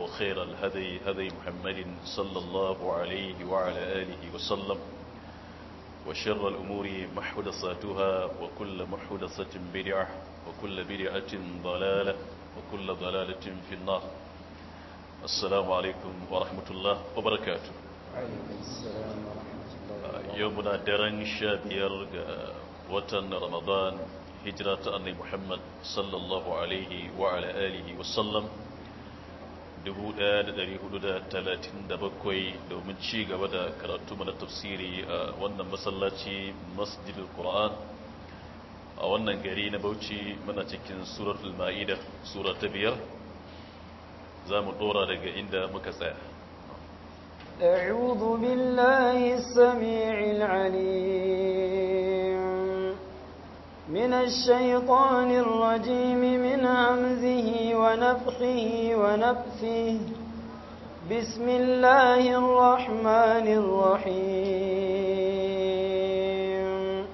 وخير الهدي هدي محمد صلى الله عليه وعلى آله وسلم وشر الأمور محدثاتها وكل محدثة بدعة وكل بدعة ضلالة وكل ضلالة في النار السلام عليكم ورحمة الله وبركاته وعليكم السلام ورحمة الله يومنا درن شابير وطن رمضان هجرة أن محمد صلى الله عليه وعلى آله وسلم 1437 domin ci gaba da karatu mana tafsiri a wannan masallaci masjidul qur'an a wannan gari na bauchi muna cikin suratul ma'ida sura ta biyar za mu dora daga inda muka tsaya أعوذ بالله السميع العليم من الشيطان الرجيم من همزه ونفخه ونفثه بسم الله الرحمن الرحيم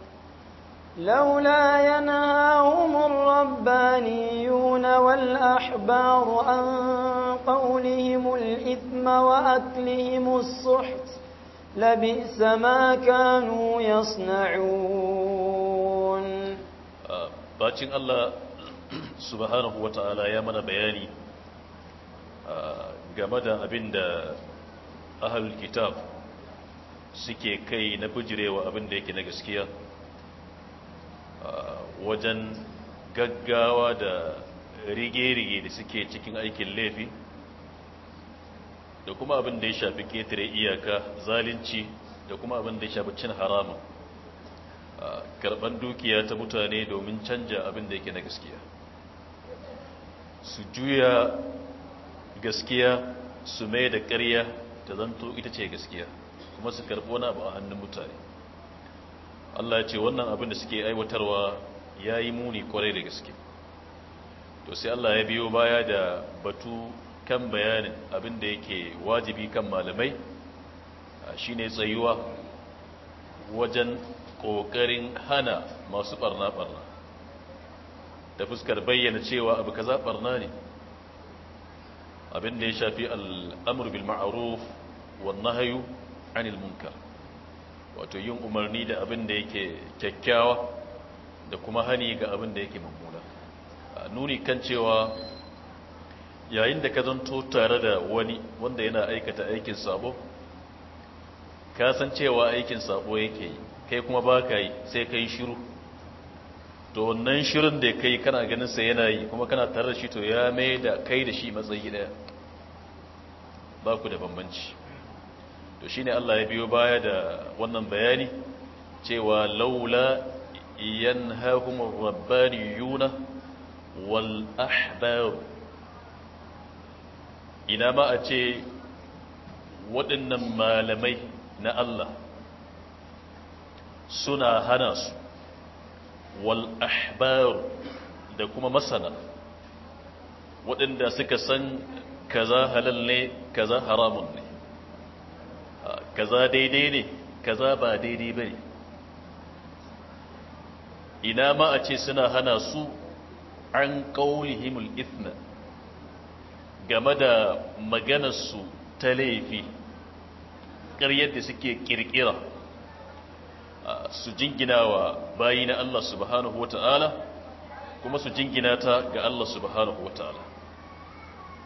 لولا ينهاهم الربانيون والأحبار عن قولهم الإثم وأكلهم السحت لبئس ما كانوا يصنعون bacin Allah subhanahu wa ta'ala ya mana bayani game da abin da ahalul kitab suke kai na bujirewa abin da yake na gaskiya wajen gaggawa da rige-rige da suke cikin aikin laifi da kuma abin da ya shafi ketare iyaka zalunci da kuma abin da ya shafi cin haramun karban dukiya ta mutane domin canja abin da yake na gaskiya su juya gaskiya su mai da karya ta zanto ita ce gaskiya kuma su karɓo na ba a hannun mutane Allah ya ce wannan abin da suke aiwatarwa ya yi muni kwarai da gaske to sai Allah ya biyo baya da batu kan bayanin abin da yake wajibi kan malamai shine tsayuwa wajen ƙoƙarin hana masu ɓarna-ɓarna da fuskar bayyana cewa abu kaza zaɓarna ne abin da ya shafi al'amur bil ma'aruf wannan hayu anil munkar wato yin umarni da abin da yake kyakkyawa da kuma hani ga abin da yake mummuna nuni kan cewa yayin da ka zanto tare da wani wanda yana aikata aikin sabo ka san cewa aikin sabo yake yi kai kuma ba ka yi sai ka yi shiru to wannan shirin da kai kana ganin sa yana yi kuma kana tare da shi to ya mai da kai da shi matsayi daya ba ku da bambanci to shi ne Allah ya biyo baya da wannan bayani cewa laula yanhahum ar-rabbaniyuna wal ahbar ina ma a ce waɗannan malamai na Allah suna hana su wal da kuma masana waɗanda suka san kaza halal ne kaza haramun ne kaza daidai ne kaza ba daidai bane ina ma a ce suna hana su an qaulihimul ithna game da maganarsu ta laifi ƙaryar da suke ƙirƙira su jingina wa bayi na Allah subhanahu wata'ala kuma su jingina ta ga Allah subhanahu wata'ala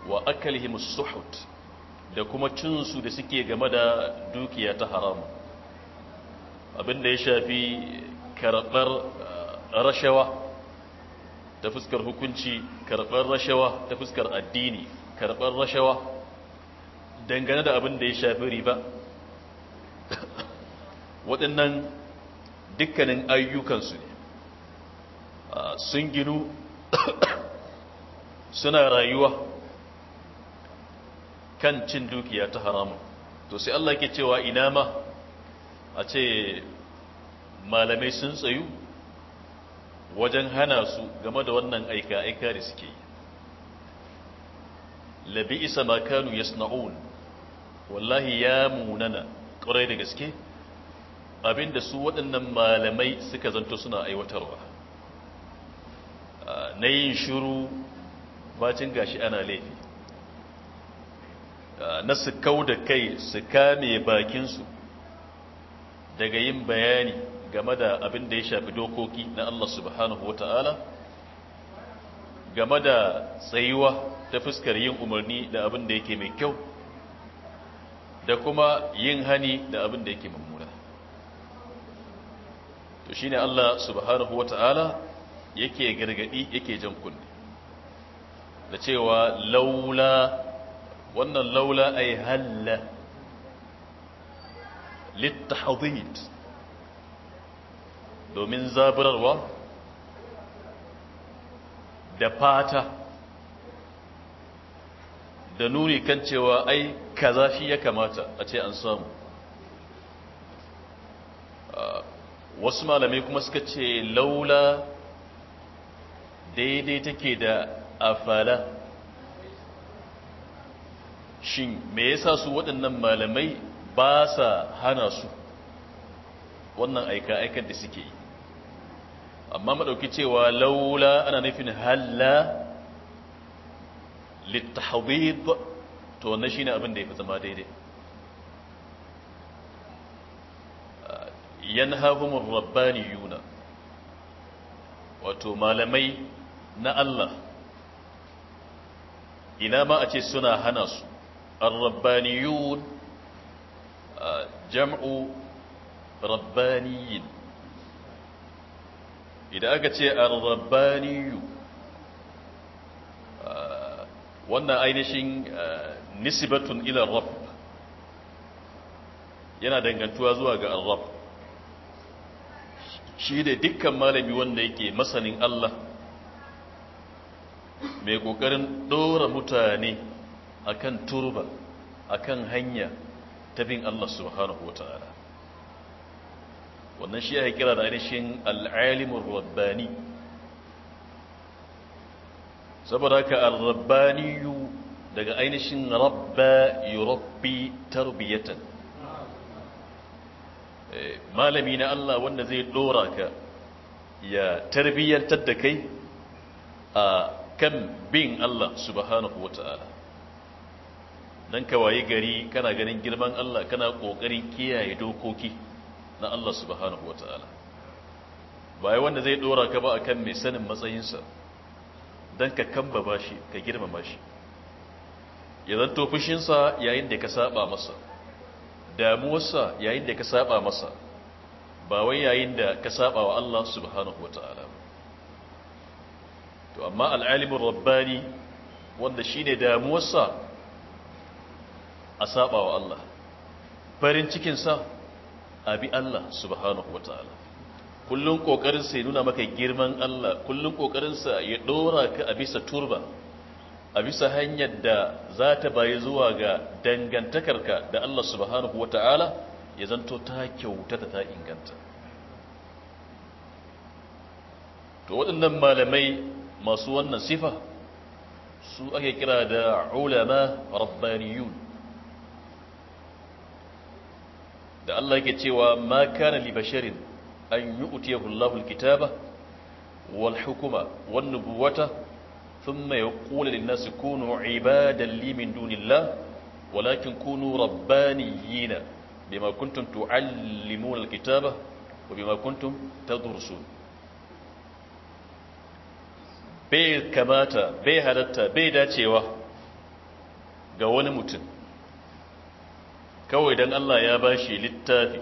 wa akalihim suhut da kuma cinsu da suke game da dukiya ta haramu abinda ya shafi karɓar rashawa ta fuskar hukunci karɓar rashawa ta fuskar addini karɓar rashawa dangane da abin da ya shafi riba waɗannan dukkanin ayyukansu ne ah, sun ginu suna rayuwa kan cin dukiya ta haramun to sai Allah ke cewa ina ma a ce malamai sun tsayu wajen hana su game da wannan aika-aika da suke yi labi isa makanu yasna'un wallahi ya munana ƙwarai da gaske abinda su waɗannan malamai suka zanto suna aiwatarwa ah, na yin shiru bacin gashi ana laifi ah, na su kau da kai su kame bakinsu daga yin bayani game da abin da ya shafi dokoki na Allah subhanahu wa ta'ala game da tsayuwa ta fuskar yin umarni da abin da yake mai kyau da kuma yin hani da abin da yake mamu to shine Allah subhanahu wata'ala yake gargadi yake jan kunne da cewa laula wannan laula ay halla litahdid domin zaburarwa da fata da nuni kan cewa ai kaza shi ya kamata a ce an samu ah, wasu malamai kuma suka ce laula daidai take da afala shin me yasa su waɗannan malamai ba sa hana su wannan aika-aikar da suke yi amma maɗauki cewa laula ana nufin halla littahadid to shi shine abin da ya fi zama daidai yanhahumur rabbaniyuna wato malamai na Allah ina ma a ce suna hana su ar-rabbaniyun jam'u rabbaniyin idan aka ce ar wannan ainihin nisbatun ila rabb yana dangantuwa zuwa ga ar shi da dukkan malami wanda yake masanin Allah mai kokarin ɗora mutane akan turba akan hanya ta bin Allah subhanahu wa ta'ala wannan shi ya kira da ainihin al'alimin rabbani saboda haka al-rabbaniyu daga ainihin rabba yurabbi tarbiyatan malami na Allah wanda zai dora ka ya tarbiyyantar da kai a kan bin Allah subhanahu wa ta'ala don kawaye gari kana ganin girman Allah kana ƙoƙarin kiyaye dokoki na Allah subhanahu wa ta'ala baya wanda zai dora ka ba a kan mai sanin matsayinsa don ka kamba shi ka girmama shi ya zanto fushinsa yayin da ka saba masa damuwarsa yayin da ka saba masa ba wai yayin da ka saba wa Allah subhanahu wataala to amma al'alimin rabbani wanda shine damuwarsa a saba wa Allah farin cikinsa a bi Allah subhanahu wataala kullun kokarinsa ya nuna maka girman Allah kullun kokarinsa ya dora ka a bisa turba a bisa hanyar da za ta bayi zuwa ga dangantakarka da Allah subhanahu wa ta'ala ya zanto ta kyautata ta inganta to waɗannan malamai masu wannan sifa su ake kira da ulama rabbaniyun da Allah yake cewa ma kana li basharin an yu'tiyahu Allahu kitaba wal hukuma wan nubuwata ثم يقول للناس كونوا عبادا لي من دون الله ولكن كونوا ربانيين بما كنتم تعلمون الكتابة وبما كنتم تدرسون bai kamata bai halatta bai dacewa ga wani mutum kawai don Allah ya bashi littafi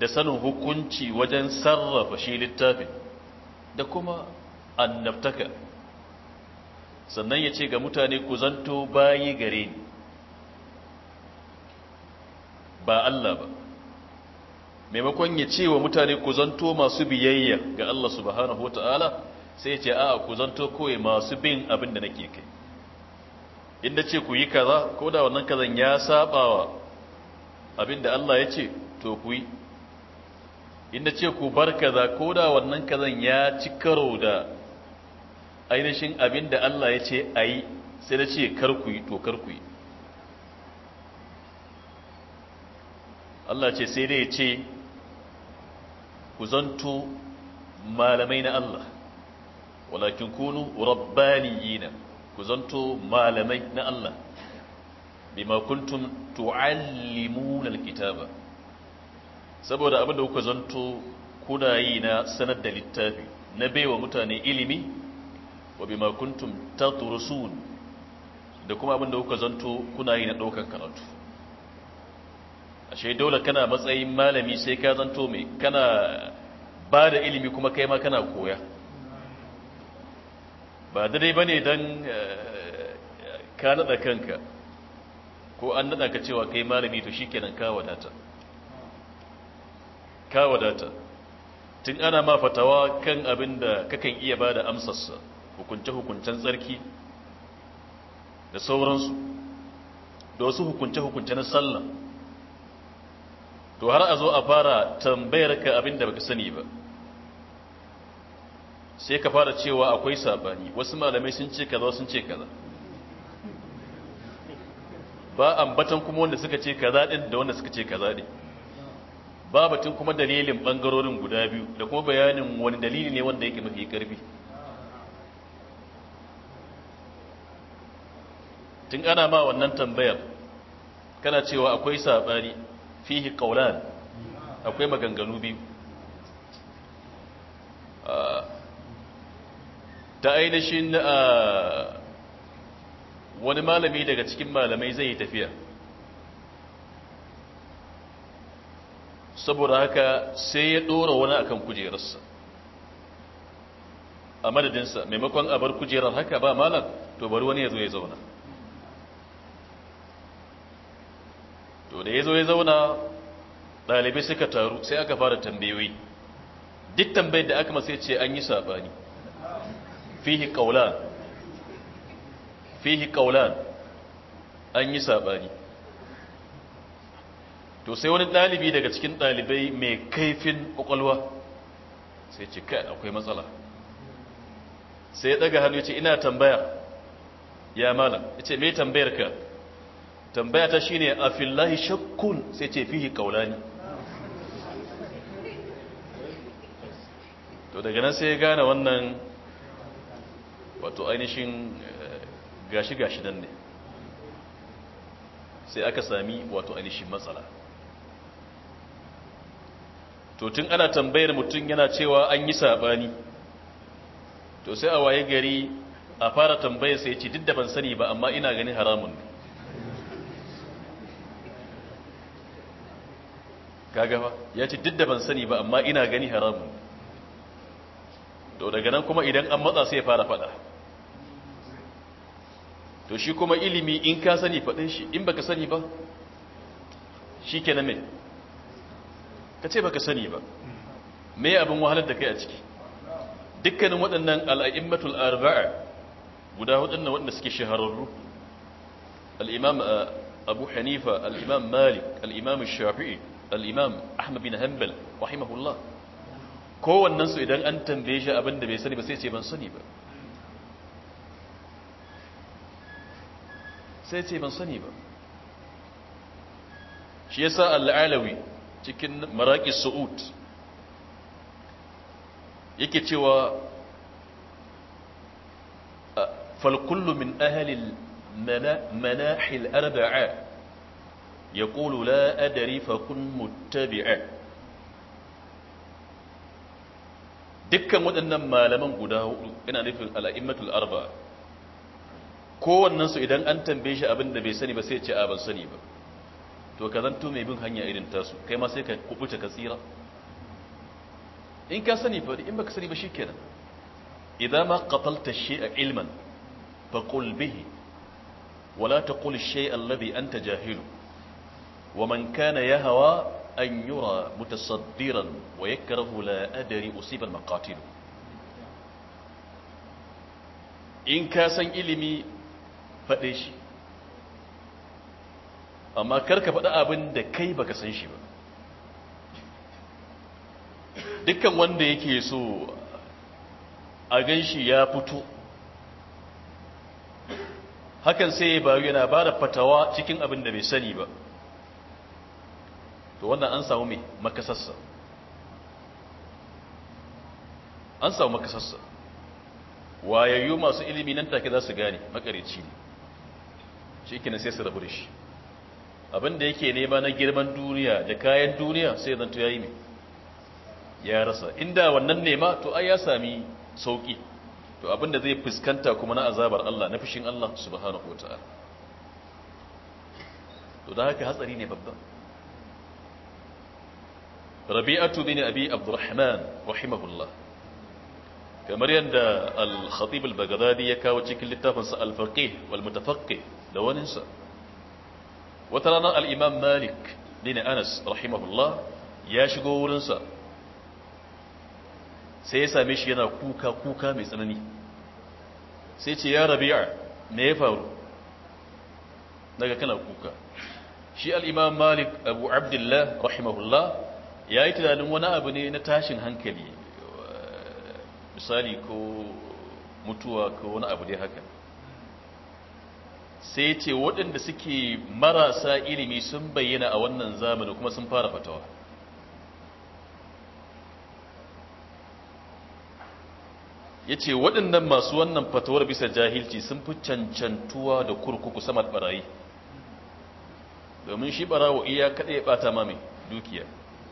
da sanin hukunci wajen sarrafa shi littafi. da kuma naftaka sannan ya ce ga mutane ku zanto bayi gare ni ba Allah ba maimakon ya ce wa mutane ku zanto masu biyayya ga Allah subhanahu wa ta'ala sai ya ce a ku zanto kawai masu bin abin da nake kai inda ce ku yi kaza ko da wannan kazan ya sabawa abin da Allah ya ce to ku yi inda ce ku bar kaza ko da wannan kazan ya ci karo da ainihin abin da Allah ya ce a yi sai da ce karku yi to karku yi Allah ce sai dai ya ce ku zanto malamai na Allah walakin kunu rabbaniyina ku zanto malamai na Allah bima kuntum tu'allimuna alkitaba saboda abin da kuka zanto kuna yi na sanar da littafi na baiwa mutane ilimi wa bima kuntum tatrusun da kuma abin da kuka zanto kuna yi na daukan karatu ashe dole kana matsayin malami sai ka zanto mai kana ba da ilimi kuma kai ma kana koya ba dai bane dan eh, ka nada kanka ko an nada ka cewa kai malami to shikenan ka wadata ka wadata tun ana ma fatawa kan abin da kakan iya ba da amsarsa hukunce-hukuncen tsarki da sauransu da wasu hukunce-hukunce na sallah to har a zo a fara tambayar ka abin da baka sani ba sai ka fara cewa akwai sabani wasu malamai sun ce kaza sun ce kaza ba ambatan kuma wanda suka ce kaza din da wanda suka ce kaza din ba batun kuma dalilin bangarorin guda biyu da kuma bayanin wani dalili ne wanda yake mafi karfi tun ana ma wannan tambayar kana cewa akwai sabani fihi kaulan akwai maganganu biyu ah, ta ainihin ah, wani malami daga cikin malamai zai yi tafiya saboda haka sai ya dora wani akan kujerarsa a madadinsa maimakon abar kujerar haka ba malam to bari wani ya zo ya zauna to da ya zo ya zauna ɗalibai suka taru sai aka fara tambayoyi duk tambayar da aka masu ce an yi saɓani fihi ƙaulan fihi ƙaulan an yi saɓani to sai wani ɗalibi daga cikin ɗalibai mai kaifin ƙwaƙwalwa sai ce kai akwai matsala sai ya ɗaga hannu ya ce ina tambaya ya malam ya ce mai tambayar ka tambaya ta shine a fillahi shakkun sai ce fihi kaulani to daga nan sai ya gane wannan wato ainihin gashi-gashi eh, nan ne sai aka sami wato ainihin matsala to tun ana tambayar mutum yana cewa an yi sabani to sai a waye gari a fara tambayar sai ce duk da ban sani ba amma ina ganin haramun ne kaga ba ya ce duk da ban sani ba amma ina gani haramun to daga nan kuma idan an matsa sai ya fara fada to shi kuma ilimi in ka sani faɗin shi in baka sani ba shi ke na ka ce baka sani ba me abin wahalar da kai a ciki dukkanin waɗannan al'a'immatul arba'a guda waɗannan waɗanda suke shahararru al'imam eh, abu hanifa al'imam malik al'imam shafi'i الإمام أحمد بن هنبل رحمه الله كو الناس إذا أنتم بيجي أبن دبي سني بس يسيبن سني سيسيبن سني شيسا العلوي تكن مراكي السعود يكي تيوى فالكل من أهل المناح الأربعاء يقول لا أدري فكن متبعا dukkan waɗannan malaman guda hudu ina nufin al'immatul arba kowannensu idan an tambaye shi abin da bai sani ba sai ce a ban sani ba to ka zanto mai bin hanya irin tasu kai ma sai ka kubuta ka tsira in ka sani fa in baka sani ba shikenan idan ma qatalta shay'a ilman faqul bihi wala taqul shay'a alladhi anta jahilu ومن كان يهوى أن يرى متصدرا ويكره لا أدري أصيب المقاتل in ka san ilimi faɗe shi amma karka faɗi abin da kai baka san shi ba dukkan wanda yake so a gan shi ya fito hakan sai ya bayu yana bada fatawa cikin abin da bai sani ba to wannan an samu mai makasassa an samu makasassa wayayyu masu ilimi nan take za su gane makareci ne shi kenan sai su rabu da shi abin da yake nema na girman duniya da kayan duniya sai zanto ya yi mai ya rasa inda wannan nema to ai ya sami sauki to abin da zai fuskanta kuma na azabar Allah na fushin Allah subhanahu wataala to da haka hatsari ne babban ربيعه بن ابي عبد الرحمن رحمه الله كما يند الخطيب البغدادي يكا وكيل التفص الفقيه والمتفقه لو ننسى وترانا الامام مالك بن انس رحمه الله يا شغو ورنسا sai كوكا كوكا shi yana kuka kuka mai tsanani sai ce ya rabi'a ne ya faru daga kana kuka ya yi tunanin wani abu ne na tashin hankali misali ko mutuwa ko wani abu dai haka sai ce waɗanda suke marasa ilimi sun bayyana a wannan zamani kuma sun fara fatawa ya ce waɗannan masu wannan fatawar bisa jahilci sun fi cancantuwa da kurkuku sama barayi domin shi barawo iya kaɗai ɓata mami dukiya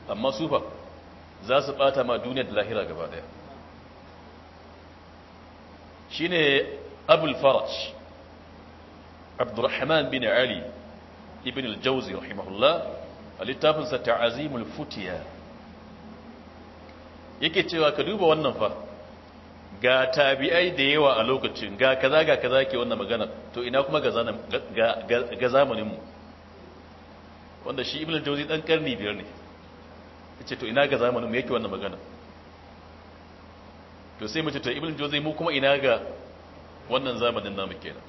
amma su fa za su bata ma duniya da lahira gaba daya ne abul faraj abdurrahman bin ali ibn al-jawzi rahimahullah a littafinsa ta'azimul futiya yake cewa ka duba wannan fa ga tabi'ai da yawa a lokacin ga kaza ga kaza ke wannan magana to ina kuma ga zamaninmu wanda shi ibn al-jawzi dan karni biyar ne yace to ina ga zamanin mu yake wannan magana to sai mace ta ibn juzai mu kuma ina ga wannan zamanin namu kenan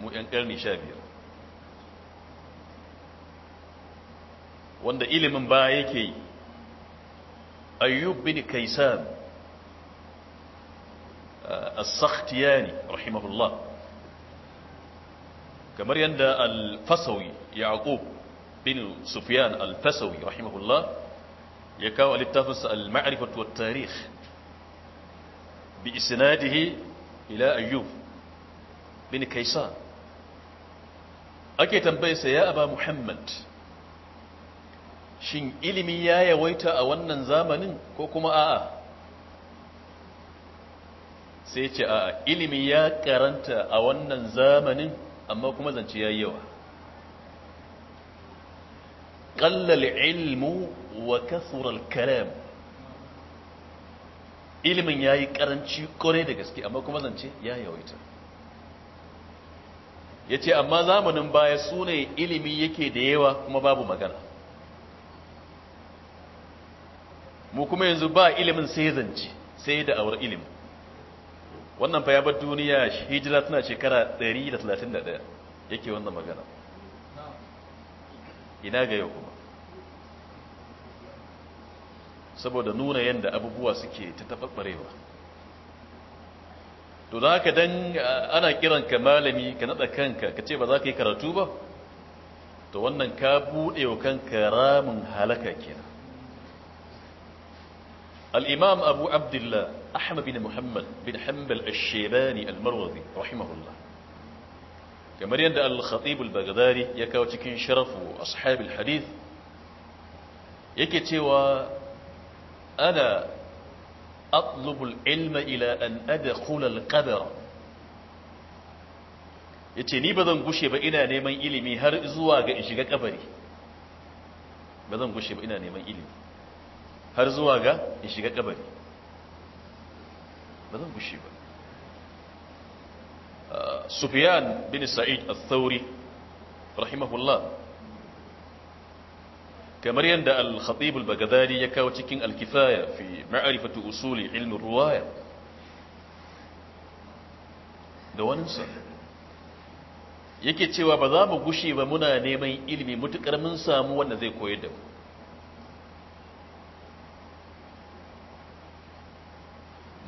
mu yan karni 15 wanda ilimin ba yake ayyub bin kaisan uh, as-sakhtiyani rahimahullah kamar yadda al-fasawi yaqub بن سفيان الفسوي رحمه الله يكاو للتفس المعرفة والتاريخ بإسناده إلى أيوب بن كيسان أكي تنبيس يا أبا محمد شين إلمي يا ويتا أولا زامن كوكما آآ آه. سيتي آآ آه. إلمي يا كارنتا أولا زامن أما كما زانتي يا يوه قل العلم wa الكلام al ilimin yayi karanci kore da gaske amma kuma zance ya yawaita yace amma zamanin baya sune ilimi yake da yawa kuma babu magana mu kuma yanzu ba ilimin sai zance sai da aure ilimi wannan fa ya bar duniya hijira tana shekara 131 yake wannan magana ina ga yau kuma saboda nuna yadda abubuwa suke ta taɓaɓɓarewa to da haka dan ana kiran ka malami ka naɗa kanka ka ce ba za ka yi karatu ba to wannan ka buɗe wa kanka ramin halaka kenan الإمام abu عبد الله bin muhammad bin hanbal حنبل shebani المروزي رحمه الله kamar yadda al-khatib al-baghdadi ya kawo cikin sharafu ashabul hadith yake cewa ana atlubu al-ilma ila an adkhula al-qadar yace ni bazan gushe ba ina neman ilimi har zuwa ga in shiga kabari bazan gushe ba ina neman ilimi har zuwa ga in shiga kabari bazan gushe ba Sufyan bin Sa'id al-Thawri rahimahullah kamar yadda al-Khatib al-Baghdadi ya kawo cikin al-Kifaya fi ma'rifatu usuli ilmi ruwaya da waninsa yake cewa ba za mu gushe ba muna neman ilmi mutukar mun samu wanda zai koyar da mu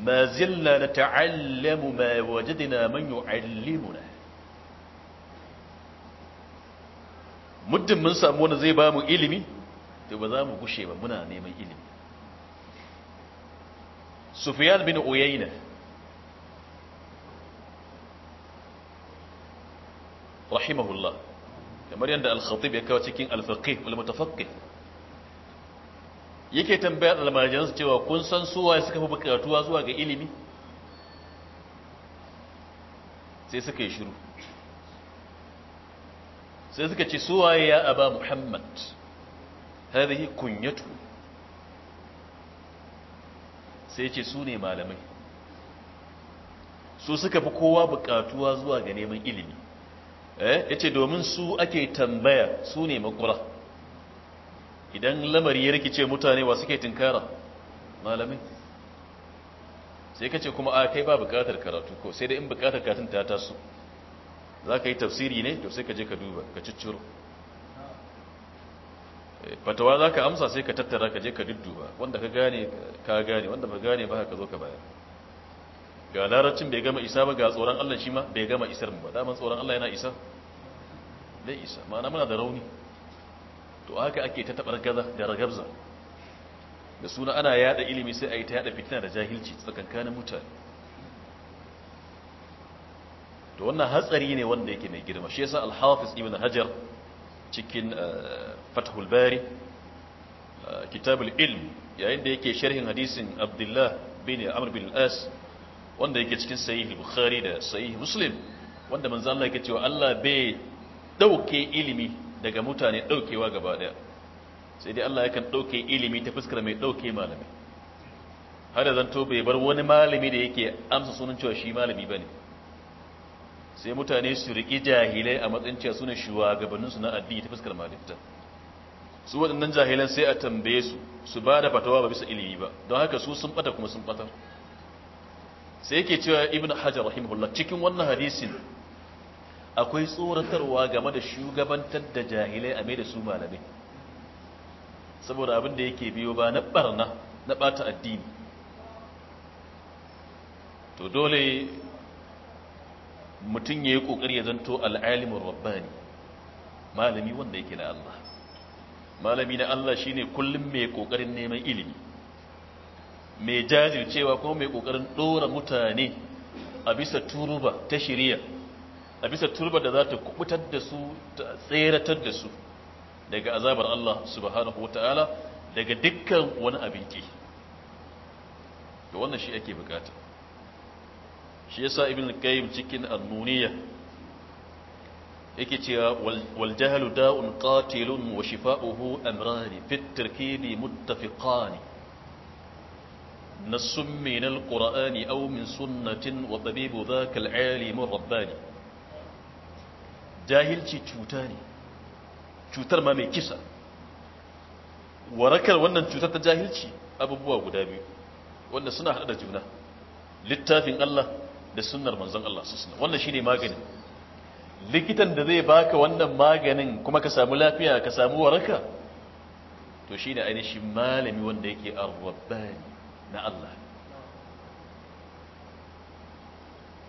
ما زلنا نتعلم ما وجدنا من يعلمنا مدن من سامونا زي بامو إلمي تبا زامو قشي بامنا نيما إلمي سفيان بن عيينة رحمه الله كما يندى الخطيب يكوى تكين الفقيه ولا yake tambayar almajiransu cewa kun san suwa suka fi bukatuwa zuwa ga ilimi sai suka yi shiru sai suka ce suwa ya aba muhammad hadhihi kunyatu sai ce su ne malamai su suka fi kowa bukatuwa zuwa ga neman ilimi eh yace domin su ake tambaya su ne makura idan lamari ya rikice mutane wa suke tinkara malamin? sai ka ce kuma a kai ba bukatar karatu ko sai dai in bukatar karatun ta taso za ka yi tafsiri ne to sai ka je ka duba ka cicciro eh, fatawa za ka amsa sai ka tattara ka je ka dudduba wanda ka gane ka gane wanda ba gane ba ka zo ka bayar ga larabcin bai gama isa ba ga tsoron allah shi ma bai gama isar mu ba daman tsoron allah yana isa bai isa ma'ana muna da rauni to haka ake ta tabar gaza da ragabza da suna ana yada ilimi sai a yi ta yada fitina da jahilci tsakankanin mutane to wannan hatsari ne wanda yake mai girma shi yasa al-hafiz ibn hajar cikin eh, fathul bari eh, kitabul ilm yayin da yake sharhin hadisin abdullah bin amr bin al-as wanda yake cikin sahih bukhari da sahih muslim wanda manzo Allah yake cewa Allah bai dauke ilimi daga mutane daukewa gaba daya sai dai Allah yakan dauke ilimi ta fuskar mai dauke malami har da zanto bai bar wani malami da yake amsa sunan cewa shi malami bane sai mutane su riki jahilai a matsayin cewa sune shugabannin su na addini ta fuskar malinta su waɗannan jahilan sai a tambaye su su ba da fatawa ba bisa ilimi ba don haka su sun bata kuma sun bata sai yake cewa ibn hajar rahimahullah cikin wannan hadisin akwai tsoratarwa game da shugabantar da jahilai a mai da su malamai saboda abin da yake biyo ba na barna na bata addini to dole mutum ya yi kokari ya zanto al'alimin rabbani malami wanda yake na Allah malami na Allah shine kullum mai kokarin neman ilimi mai jajircewa ko mai kokarin dora mutane a bisa turuba ta shirya a bisa turba da za ta kubutar da su ta tseratar da su daga azabar Allah subhanahu wa ta'ala daga dukkan wani abin ki da wannan shi ake bukata shi yasa ibn al-qayyim cikin annuniya yake cewa wal jahlu da'un qatilun wa shifa'uhu amran fi tarkibi qurani aw min sunnatin wa tabibu dhaka al-'alim ar-rabbani jahilci cuta ne cutar ma mai kisa warakar wannan cutar ta jahilci abubuwa guda biyu wanda suna hada da juna littafin Allah da sunnar manzon Allah sallallahu wannan shine maganin likitan da zai baka wannan maganin kuma ka samu lafiya ka samu waraka to shine ainihin malami wanda yake ar na Allah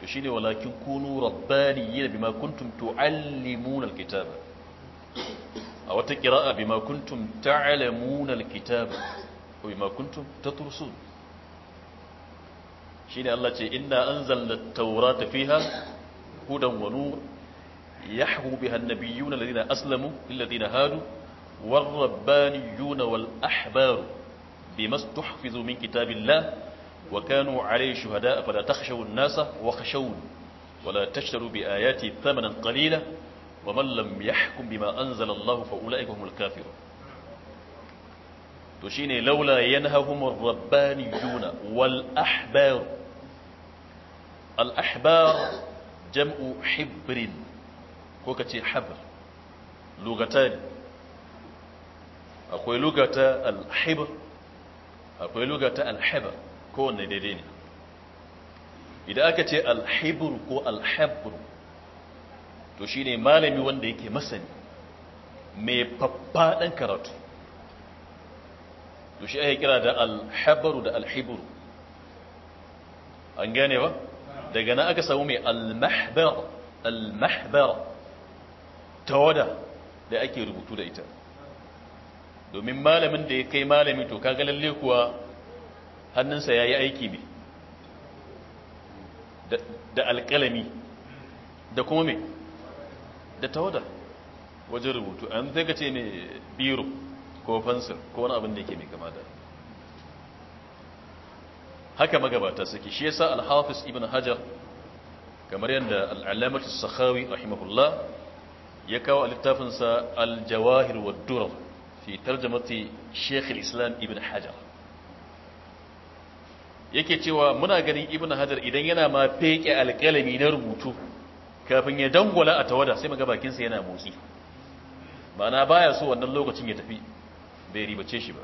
to shine walakin kunu rabbaniyina bima kuntum tuallimuna alkitaba a wata qira'a bima kuntum ta'lamuna alkitaba ko bima kuntum tatrusun shine Allah ce inna anzalna at-taurata fiha hudan wa nur yahwu biha an-nabiyyuna alladhina aslamu lilladhina hadu والربانيون والأحبار بما استحفظوا من كتاب الله وكانوا عليه شهداء فلا تخشوا الناس وخشون ولا تشتروا بآياتي ثمنا قليلا ومن لم يحكم بما أنزل الله فأولئك هم الكافرون تشيني لولا ينههم الربانيون والأحبار الأحبار جمع حبر كوكتي حبر لغتان أقول لغة الحبر أقول لغة الحبر kowanne daidai ne idan aka ce alhibur ko alhabru to shine malami wanda yake masani mai faffaɗan karatu to shi ake kira da alhabaru da alhibur an gane ba daga nan aka samu mai almahbar almahbar tawada da ake rubutu da ita domin malamin da ya kai malami to kaga lalle kuwa hannunsa ya yi aiki ne da alƙalami da kuma da tawada wajen rubutu an zai ce ne biro ko fansir ko wani abin da yake mai kama da haka magabata suke shi yasa al-hafiz ibn hajar kamar yadda al'alamatu sakhawi rahimahullah ya kawo a littafinsa Aljawahir jawahir wa durar fi tarjamati shekhar islam ibn hajar yake cewa muna ganin ibnu hajar idan yana ma feke alƙalami na rubutu kafin ya dangwala a tawada sai bakin bakinsa yana motsi ma'ana baya so wannan lokacin ya tafi bai ribace shi ba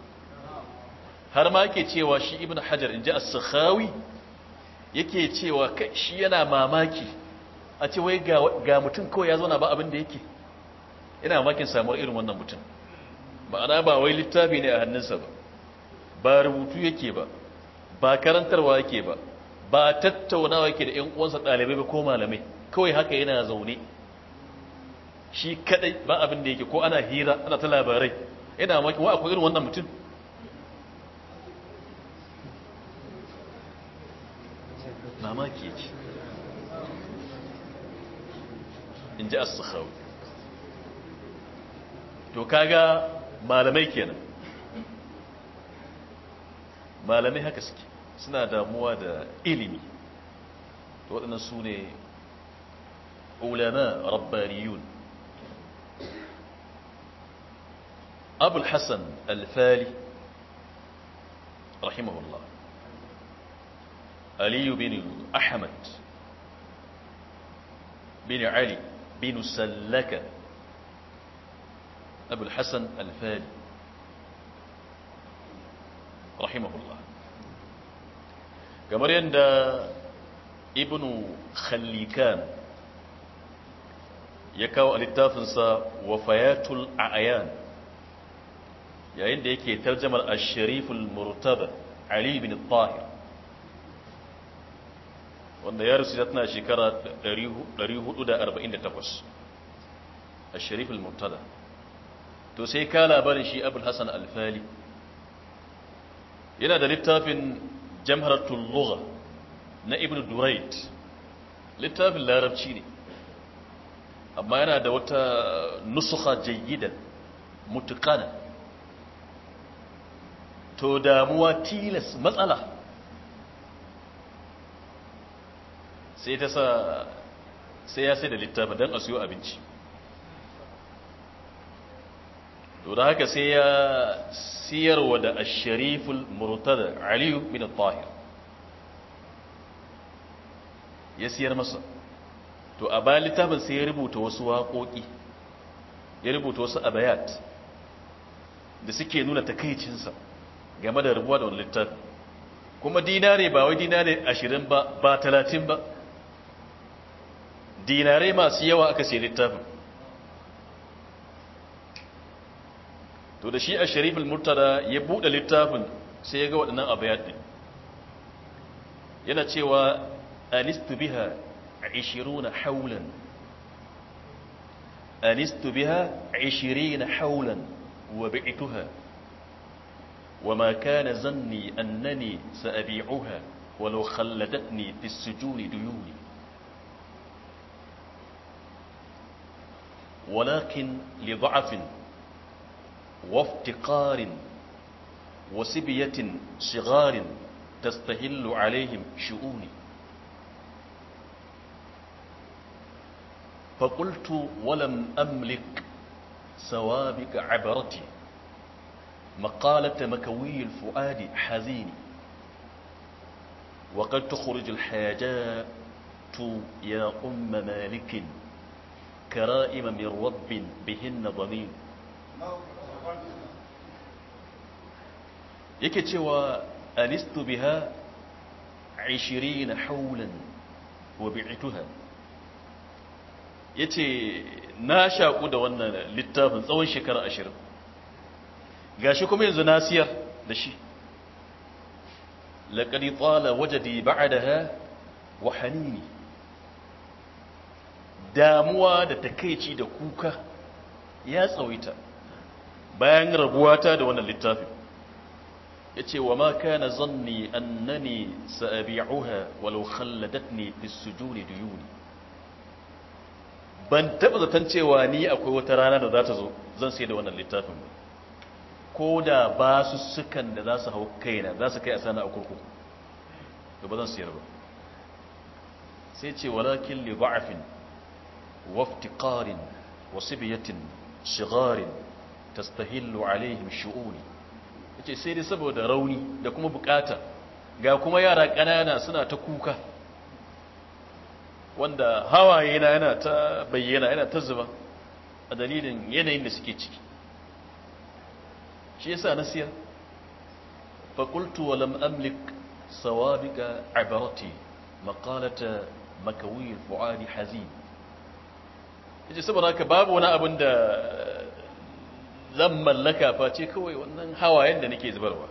har ma yake cewa shi ibnu hajar inji as-sakhawi yake cewa kai shi yana mamaki a ce wai ga mutum kawai ya zauna ba abin da yake ina mamakin samuwar irin wannan mutum ma'ana ba wai littafi ne a hannunsa ba ba rubutu yake ba ba karantarwa yake ba ba tattaunawa yake da ƴan uwansa ɗalibai ba ko malamai kawai haka yana zaune shi kadai ba abin da yake ko ana hira ana ta labarai yana maki wa akwai irin wannan mutum mamaki yake in ji as-sakhawi to kaga malamai kenan malamai haka suke suna damuwa da ilimi to waɗannan su ne ulama rabbaniyun abul hassan alfali rahimahullah aliyu bin ahmad bin ali bin sallaka abul hassan alfali rahimahullah kamar yadda ibnu khallikan ya kawo a littafinsa wafayatul a'ayan yayin da yake tarjamar ashariful murtaba ali bin tahir wanda ya rasu tana shekara 448 ashariful murtaba to sai ka labarin shi abul hasan alfali yana da littafin jamharatul lugha na ibn duraid littafin larabci ne amma yana da wata nusuka jayyida mutukana to damuwa tilas matsala sai ta sa sai ya sai da littafin don a siyo abinci to da haka sai ya siyarwa da ashariful murtada aliyu bin tahir ya siyar masa to a bayan littafin sai ya rubuta wasu waƙoƙi ya rubuta wasu abayat da suke nuna takaicinsa game da rubuwa da wani littafin kuma dinare ba wai dinare ashirin ba ba talatin ba dinare masu yawa aka sai littafin to da shi a sharif al-murtada ya buɗe littafin sai ya ga waɗannan abayat din yana cewa alistu biha 20 haulan alistu biha 20 haulan wa bi'tuha وما كان ظني أنني سأبيعها ولو خلدتني في السجون duyuni ولكن لضعف وافتقار وسبية صغار تستهل عليهم شؤوني فقلت ولم أملك سوابق عبرتي مقالة مكوي الفؤاد حزيني وقد تخرج الحاجات يا أم مالك كرائم من رب بهن ضمين yake cewa alistu biha 20 haulan wa bi'tuha yace na shaku da wannan littafin tsawon shekara 20 gashi kuma yanzu na siyar da shi laqad tala wajdi ba'daha wa hanini damuwa da takeici da kuka ya tsawaita bayan rabuwata da wannan littafin yace wa ma kana zanni annani sa'abi'uha walau khalladatni fi sujudi duyuni ban taba zaton cewa ni akwai wata rana da za ta zo zan sai da wannan littafin ba ko da ba su sukan da za su hau kaina za su kai a sana a kurkuku da ba zan siyar ba sai ce walakin li ba'afin waftiqarin wasibiyatin shigarin tastahillu alaihim shu'uni yace sai dai saboda rauni da kuma bukata ga kuma yara ƙanana suna ta kuka wanda hawaye na yana ta bayyana yana ta zuba a dalilin yanayin da suke ciki shi yasa na siyar fakultu wa lam amlik sawabika ibarati maqalata makawiyar fu'adi hazin yace saboda haka babu wani abin da zan mallaka face kawai wannan hawayen da nake zubarwa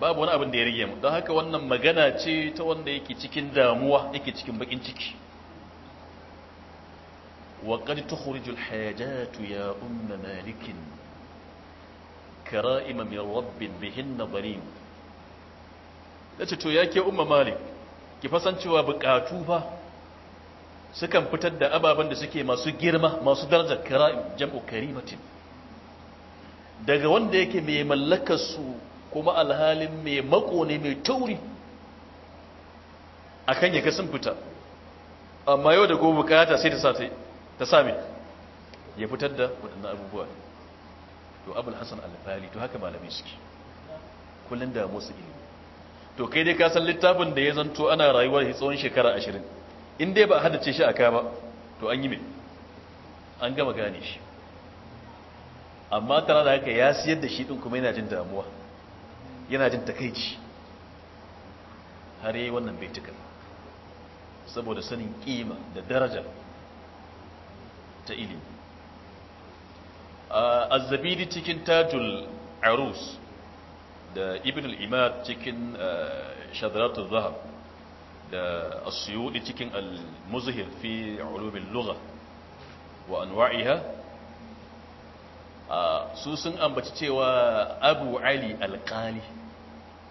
babu wani abin da ya rige mu don haka wannan magana ce ta wanda yake cikin damuwa yake cikin bakin ciki waƙar tukhrijul hajatu ya umma malikin kara'ima min rabbin bihin nazarin dace to yake umma malik ki fasancewa bukatu fa sukan fitar da ababen da suke masu girma masu daraja kara'im jam'u karimatin daga wanda yake mai mallakar su kuma alhalin mai mako ne mai tauri a ya ga sun fita amma yau da gobe kayata sai ta sa ta ya fitar da waɗannan abubuwa to abul hassan al to haka malamai suke Kullum da musu ilimi to kai dai ka san littafin da ya zanto ana rayuwar shi tsawon shekara ashirin. in dai ba haddace shi a kama. to an yi me an gama gane shi amma tana da haka ya siyar da shi din kuma yana jin damuwa yana jin takaici har yi wannan baitukan saboda sanin kima da daraja ta ilimi az-zabidi cikin tajul arus da ibn al-imad cikin eh, shadratul zahab da as cikin al muzuhir fi ulum al-lugha wa anwa'iha su sun ambaci cewa abu ali alkali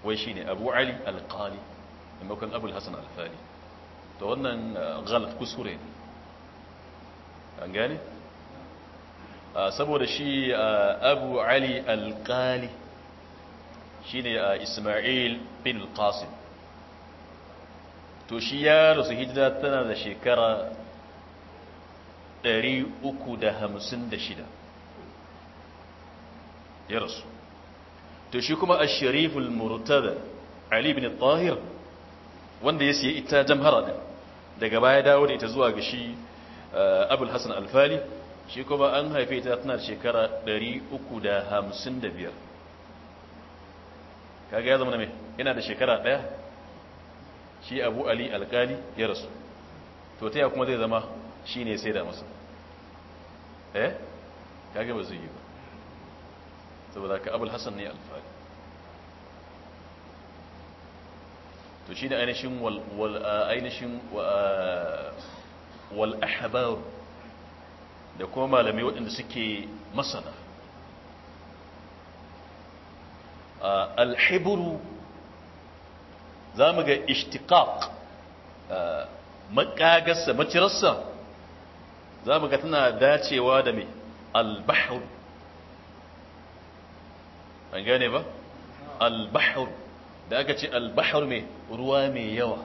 wai shine abu ali alkali maimakon abu hassan alfali ta wannan galat kusure ne an gani? saboda shi abu ali alkali shine ismail bin qasim to shi ya rasu hijira tana da shekara 356 ya rasu to shi kuma ashariful murtada ali ibn tahir wanda ya siya ita jamhara din daga baya dawo da ita zuwa ga shi eh, abul hasan alfali shi kuma an haife ta tana shekara 355 kaga ya zama mai yana da shekara daya shi abu ali alkali ya rasu to ta ya kuma zai zama shi ne sai da masa eh kaga ba zai yi ba saboda ka abul hasan ne alfari to shi ne ainihin ainihin wal da kuma malami waɗanda suke masana alhiburu za mu ga ishtiqaq makagarsa macirarsa za mu ga tana dacewa da mai albahar an gane ba albahar da aka ce albahar mai ruwa mai yawa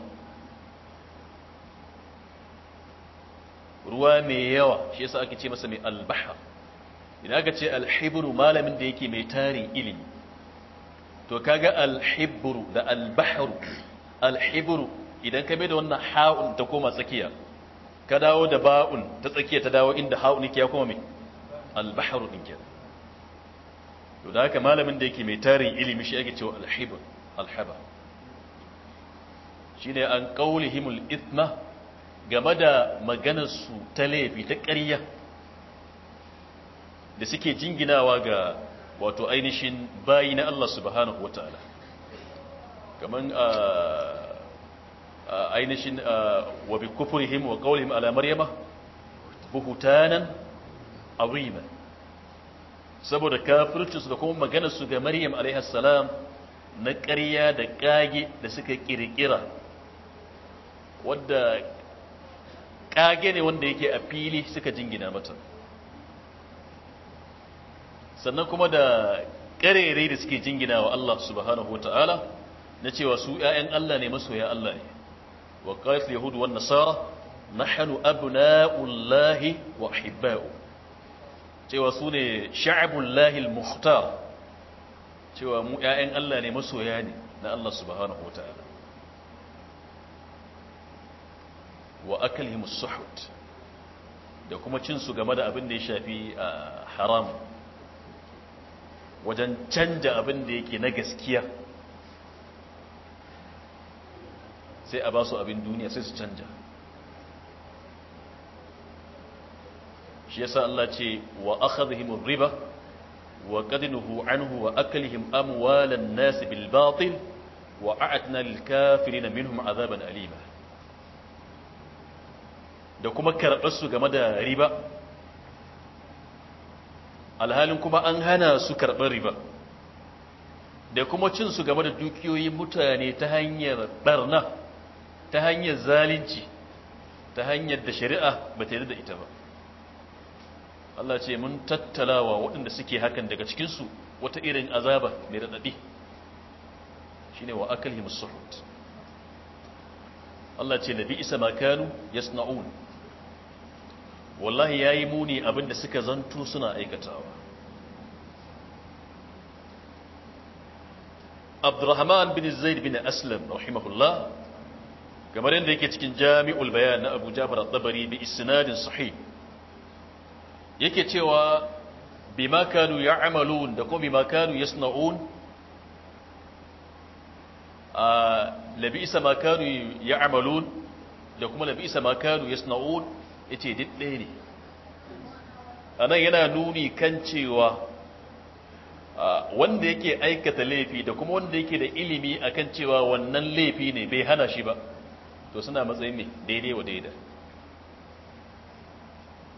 ruwa mai yawa shi yasa aka ce masa mai albahar idan aka ce al malamin da yake mai tarin ilimi to kaga al da albahar bahr idan ka da wannan ha'un ta koma tsakiya ka dawo da ba'un ta tsakiya ta dawo inda ha'un ya koma mai albahar din kenan to da haka malamin da yake mai tarin ilimi shi ake cewa alhiba alhaba shine an qaulihimul ithma game da maganar su ta laifi ta ƙarya da suke jinginawa ga wato ainihin bayi na Allah subhanahu wataala kaman a ainihin wa bi kufrihim wa qaulihim ala maryama buhutanan azima saboda kafircinsu da kuma maganarsu ga maryam alaihis salam na ƙarya da ƙage da suka ƙirƙira wadda ƙage ne wanda yake a fili suka jingina mata sannan kuma da ƙarere da suke jingina wa Allah subhanahu wa ta'ala na cewa su ‘ya'yan Allah ne masoya Allah ne wa ƙarfi yahudu wa nasara hannu abu na'ullahi wa hibba'u cewa su ne sha'abullahil muhtar cewa mu 'ya'yan Allah ne masoya ne na Allah subhanahu wa ta'ala wa akalhim suhut da kuma cinsu game da abin da ya shafi haram wajen canja abin da yake na gaskiya sai a ba su abin duniya sai su canja shi yasa Allah ce wa akhadhihim riba wa qadnuhu anhu wa aklihim amwalan nas bil batil wa a'atna lil kafirin minhum azaban alima da kuma karɓar su game da riba alhalin kuma an hana su karɓar riba da kuma cin su game da dukiyoyin mutane ta hanyar barna ta hanyar zalunci ta hanyar da shari'a ba ta yarda da ita ba Allah ce mun tattalawa waɗanda suke hakan daga cikinsu wata irin azaba mai raɗaɗi shi ne wa akalhim suhud Allah ce bi isa makalu yasna'un wallahi ya yi muni abinda suka zanto suna aikatawa abdurrahman bin zaid bin aslam rahimahullah kamar yadda yake cikin jami'ul bayan na abu jafar al-tabari bi isnadin sahih yake cewa bima kanu ya'malun da kuma bima kanu suna'un a labisa makanu ya ya'malun da kuma labisa makanu ya suna'un yace ce ɗaya ne anan yana nuni kan cewa wanda yake aikata laifi da kuma wanda yake da ilimi akan cewa wannan laifi ne bai hana shi ba to suna matsayin ne daidai wa daidai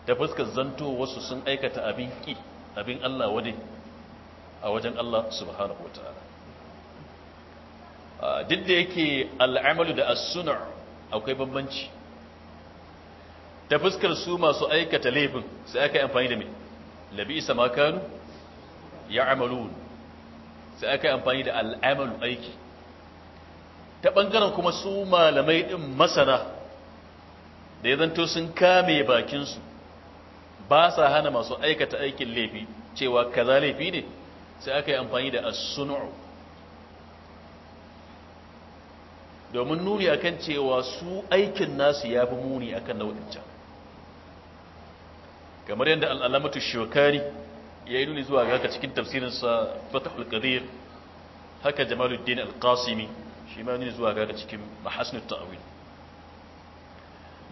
Ta fuskar zanto wasu sun aikata abin ki abin Allah wade a wajen Allah subhanahu wataala ah, duk da yake al'amalu da as-sun'a akwai bambanci ta fuskar su masu aikata laifin sai aka yi amfani da me labi isa makanu ya'malun sai aka yi amfani da al'amalu aiki ta bangaren kuma su malamai din masana da ya zanto sun kame bakinsu ba sa hana masu aikata aikin laifi cewa kaza laifi ne sai aka yi amfani da as-sun'u domin nuni akan cewa su aikin nasu ya fi muni akan nau'in can kamar yadda al'alamatu shokari ya yi nuni zuwa ga haka cikin tafsirinsa fatahul qadir haka jamaluddin al-qasimi shi ma nuni zuwa ga haka cikin mahasnul ta'wil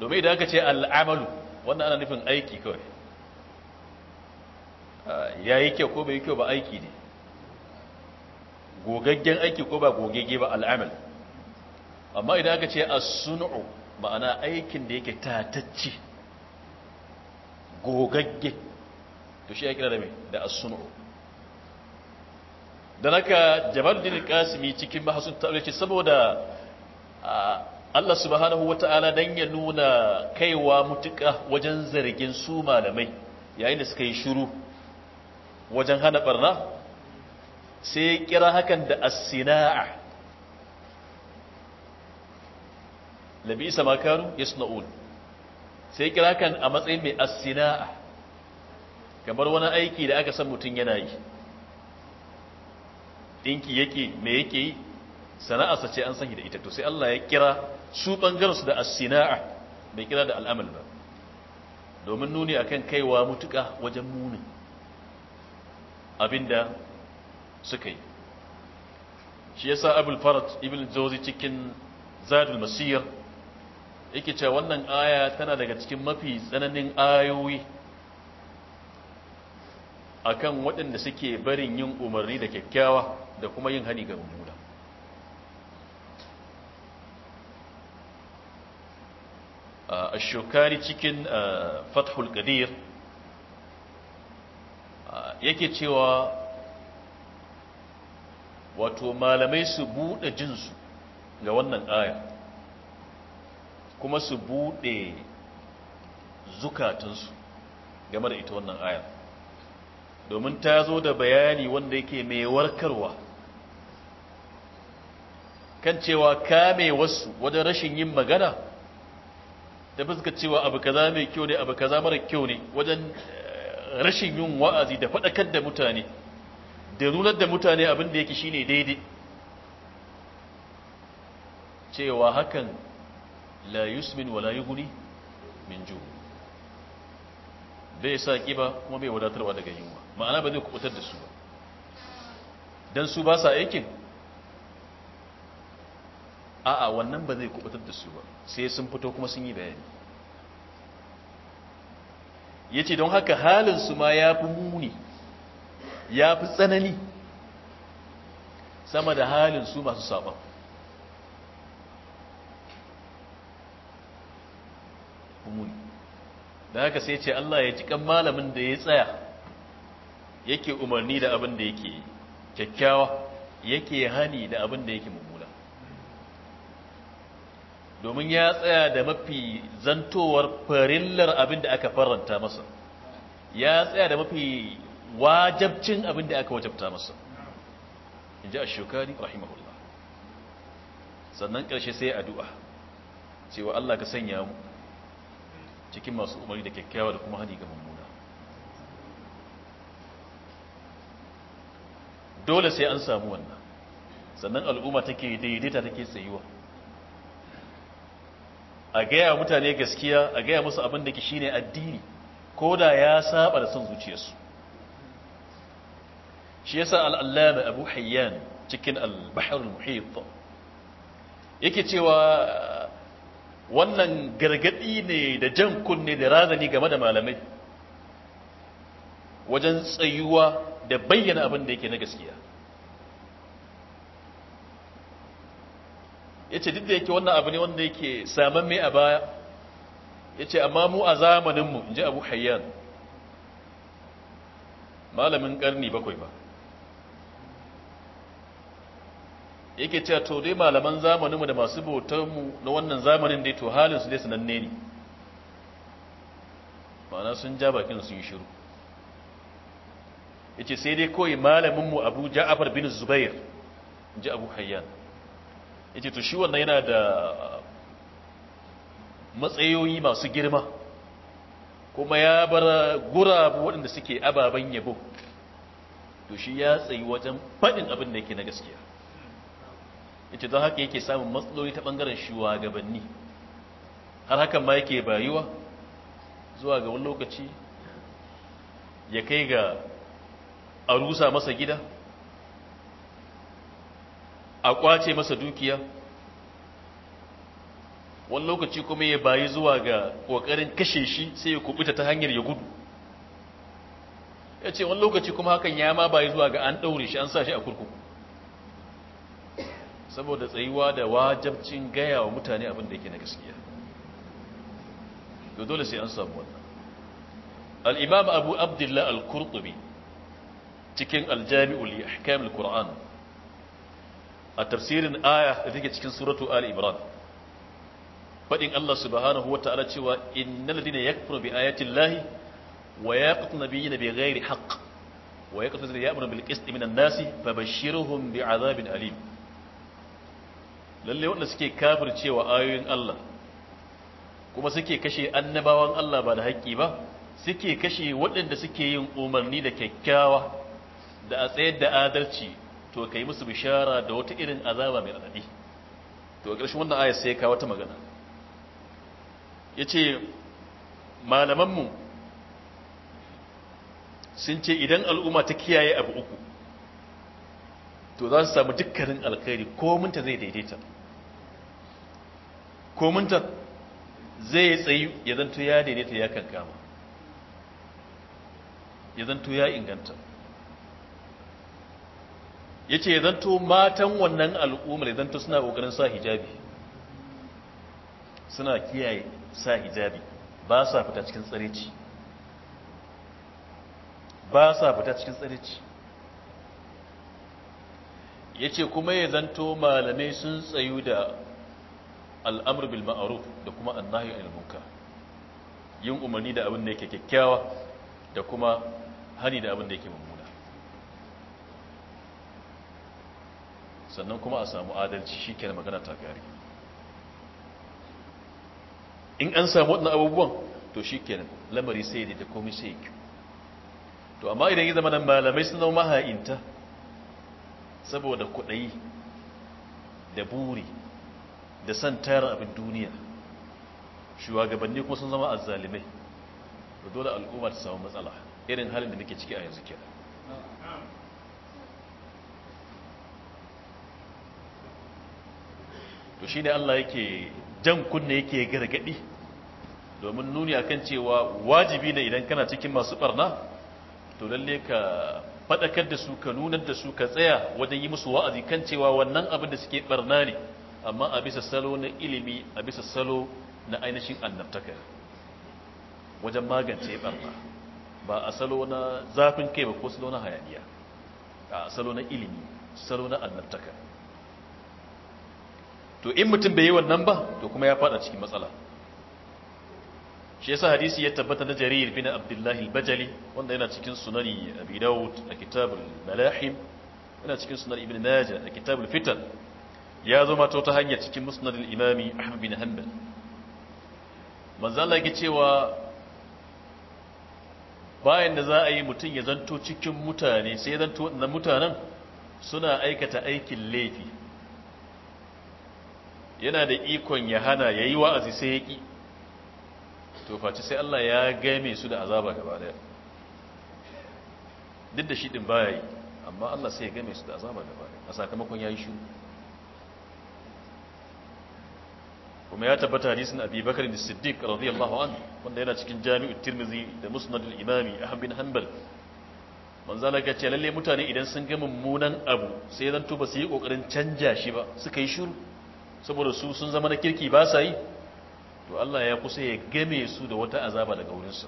domin idan aka ce al'amalu wannan ana nufin aiki kawai Eh, ya yi kyau ko bai yi kyau ba aiki ne gogaggen aiki ko ba gogagge ba al'amal amma idan aka ce a ma'ana aikin da yake tatacce gogagge to shi ya kira da mai da as-sun'u dan haka Jamaluddin kasimi cikin bahasun taurace saboda Allah subhanahu ta'ala dan ya nuna kaiwa mutuka wajen zargin su malamai yayin da suka yi shuru. wajen hana barna sai ya kira hakan da as-sina'a isa makaru yasna'un sai ya kira hakan a matsayin mai as kamar wani aiki da aka san mutum yana yi dinki yake me yake yi sana'arsa ce an san da ita to sai Allah ya kira su bangaren su da as-sina'a bai kira da al'amal ba domin nuni akan kaiwa mutuka wajen munin abinda suka yi shi yasa abul farat ibn jawzi cikin zadul masir yake cewa wannan aya tana daga cikin mafi tsananin ayoyi akan waɗanda suke barin yin umarni da kyakkyawa da kuma yin hani ga mummuna a shukari cikin eh, fathul qadir Ah, yake cewa wato malamai su buɗe jinsu ga wannan aya kuma su buɗe zukatunsu game da ita wannan aya domin ta zo da bayani wanda yake mai warkarwa kan cewa kame wasu wajen rashin yin magana ta fuska cewa abu kaza mai kyau ne abu kaza mara kyau ne wajen rashin yin wa'azi da faɗakar da mutane da nunar da mutane abin da yake shine daidai cewa hakan la yusmin wa la yughni min ju bai sa ba kuma bai wadatarwa daga yunwa ma'ana ba zai kubutar da su ba don su ba sa aikin a'a wannan ba zai kubutar da su ba sai sun fito kuma sun yi bayani ya ce don haka halinsu ma ya fi muni ya fi tsanani sama da halinsu masu saɓon muni da haka sai ce Allah ya cikan malamin da ya tsaya yake umarni da abin da yake kyakkyawa yake hani da abin da yake mummuna domin ya tsaya da mafi zantowar farillar abin aka faranta masa ya tsaya da mafi wajabcin abin da aka wajabta masa in ji a shekari rahimahullah sannan ƙarshe sai addu'a cewa Allah ka sanya mu cikin masu umari da kyakkyawa da kuma hani ga mummuna dole sai an samu wannan sannan al'umma take daidaita take tsayuwa a gaya mutane gaskiya a gaya musu abin da ke shine addini ko da ya saba da son zuciyarsu shi yasa al'allama abu hayyan cikin al-bahar muhit yake cewa wannan gargadi ne da jan kunne da razani game da malamai wajen tsayuwa da bayyana abin da yake na gaskiya yace duk da yake wannan abu ne wanda yake saman mai a baya yace amma mu a zamanin mu inji Abu Hayyan malamin karni bakwai ba yake cewa to dai malaman zamanin mu da masu bautar mu na wannan zamanin dai to halin su dai sananne ne ma'ana sun ja bakin sun yi shiru yace sai dai kawai malamin mu Abu Ja'far bin Zubair inji Abu Hayyan yace to shi wannan yana da matsayoyi masu girma kuma ya bar gurabu waɗanda suke ababen yabo to shi ya tsayi wajen faɗin abin da yake na gaskiya yace don haka yake samun matsaloli ta ɓangaren shugabanni har hakan ma yake bayuwa zuwa ga wani lokaci ya kai ga arusa masa gida a kwace masa dukiya wani lokaci kuma ya bayi zuwa ga kokarin kashe shi sai ya kubuta ta hanyar ya gudu ya ce wani lokaci kuma hakan ya ma bayi zuwa ga an ɗaure shi an sa shi a kurkuku saboda tsayuwa da wajabcin gaya wa mutane abin da yake na gaskiya to dole sai an samu wannan al abu Abdullahi al kurkubi cikin aljamiul jamiul al-qur'an a tafsirin aya da take cikin suratu ali imran fadin Allah subhanahu wataala cewa innal ladina yakfuru bi ayati llahi wa yaqtuna nabiyina bighairi haqq wa yaqtuna alladhina ya'muru bil qisti minan nasi fabashshirhum bi'adhabin alim lalle wanda suke cewa ayoyin Allah kuma suke kashe annabawan Allah ba da haƙƙi ba suke kashe waɗanda suke yin umarni da kyakkyawa da a tsayar da adalci to kai musu bishara da wata irin azaba mai radadi to a ƙarshen wannan ayat sai ka wata magana yace malamanmu sun ce idan al'umma ta kiyaye abu uku to za su samu dukkanin alkhairi kominta zai daidaita kominta zai tsayi ya zanto ya daidaita ya kankama ya zanto ya inganta yace ya zanto matan wannan al'ummar zanto suna kokarin sa hijabi suna kiyaye sa hijabi ba sa fita cikin tsareci ba sa fita cikin tsareci yace kuma ya zanto malamai sun tsayu da al'amr bil ma'ruf da kuma annahi al munkar yin umarni da abin da yake kyakkyawa da kuma hani da abin da yake mummuna sannan kuma a samu adalci shi kenan magana ta gari, in an samu waɗannan abubuwan to shi kenan lamari sai da ta komi sai kyau to amma idan ya zama nan malamai sun zama maha'inta saboda kuɗai da buri da san tara abin duniya shugabanni kuma sun zama azzalimai da dole al'umma ta samu matsala irin halin da muke ciki a yanzu kenan to shi ne Allah yake jan kunne yake gargadi domin nuni a kan cewa wajibi ne idan kana cikin masu barna to lalle ka faɗakar da su ka nunar da su ka tsaya wajen yi musu wa'azi kan cewa wannan abin da suke barna ne amma a bisa salo na ilimi a bisa salo na ainihin annabtaka wajen magance barna ba a salo na zafin kai ba ko salo na hayaniya a salo na ilimi salo na annabtaka to in mutum bai yi wannan ba to kuma ya fada cikin matsala shi yasa hadisi ya tabbata na jarir bin abdullahi al-bajali wanda yana cikin sunani abi daud a kitabul malahim yana cikin sunan ibn majah a kitabul fitan ya zo mato ta hanyar cikin musnad al-imami ahmad bin hanbal manzo Allah ya cewa bayan da za a yi mutum ya zanto cikin mutane sai zanto waɗannan mutanen suna aikata aikin laifi yana da ikon ya hana ya yi wa'azi sai ya ƙi to faci sai Allah ya game su da azaba gaba daya duk da shi ɗin baya yi amma Allah sai ya game su da azaba gaba daya a sakamakon ya yi shi kuma ya tabbata hadisin abi bakar da siddiq radiyallahu an wanda yana cikin jami'u tirmizi da Musnadin Imami imami ahmad bin hanbal Manza ga gace lalle mutane idan sun ga mummunan abu sai zan tuba su yi kokarin canja shi ba suka yi shuru. saboda su sun zama na kirki ba sa yi to Allah ya kusa ya game su da wata azaba daga wurinsa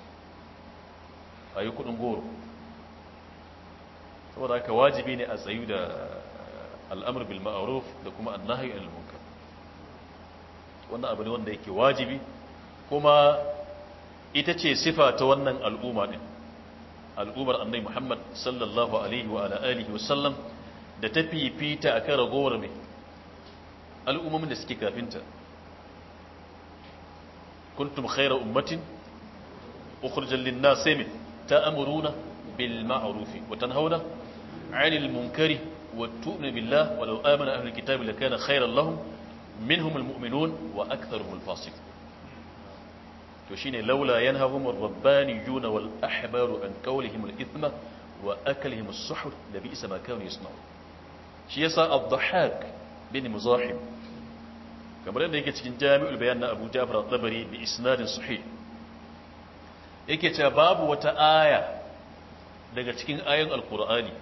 a yi kudin goro saboda haka wajibi ne a tsayu da al'amur bil ma'aruf da kuma annahi al-munkar wannan abu ne wanda yake wajibi kuma ita ce sifa ta wannan al'umma din al'ummar annai muhammad sallallahu alaihi wa alihi wa sallam da ta fifita akan ragowar mai al'ummomin da suke kafinta kuntum khaira ummatin ukhrijal lin-nas min ta'muruna bil ma'ruf wa tanhauna 'anil munkari wa tu'minu billah wa law amana ahlul kitabi lakana khayran lahum minhum al-mu'minun wa aktharuhum al fasiq to shine laula yanhahum ar rabbaniyun wal ahbar an qawlihim al-ithma wa akalihim as-suhur da bi isma kanu yasna'un shi yasa ad dhahak bin muzahim kamar yadda yake cikin jami'ul bayan na abu jafar al-tabari bi isnadin sahih yake cewa babu wata aya daga cikin ayan alkur'ani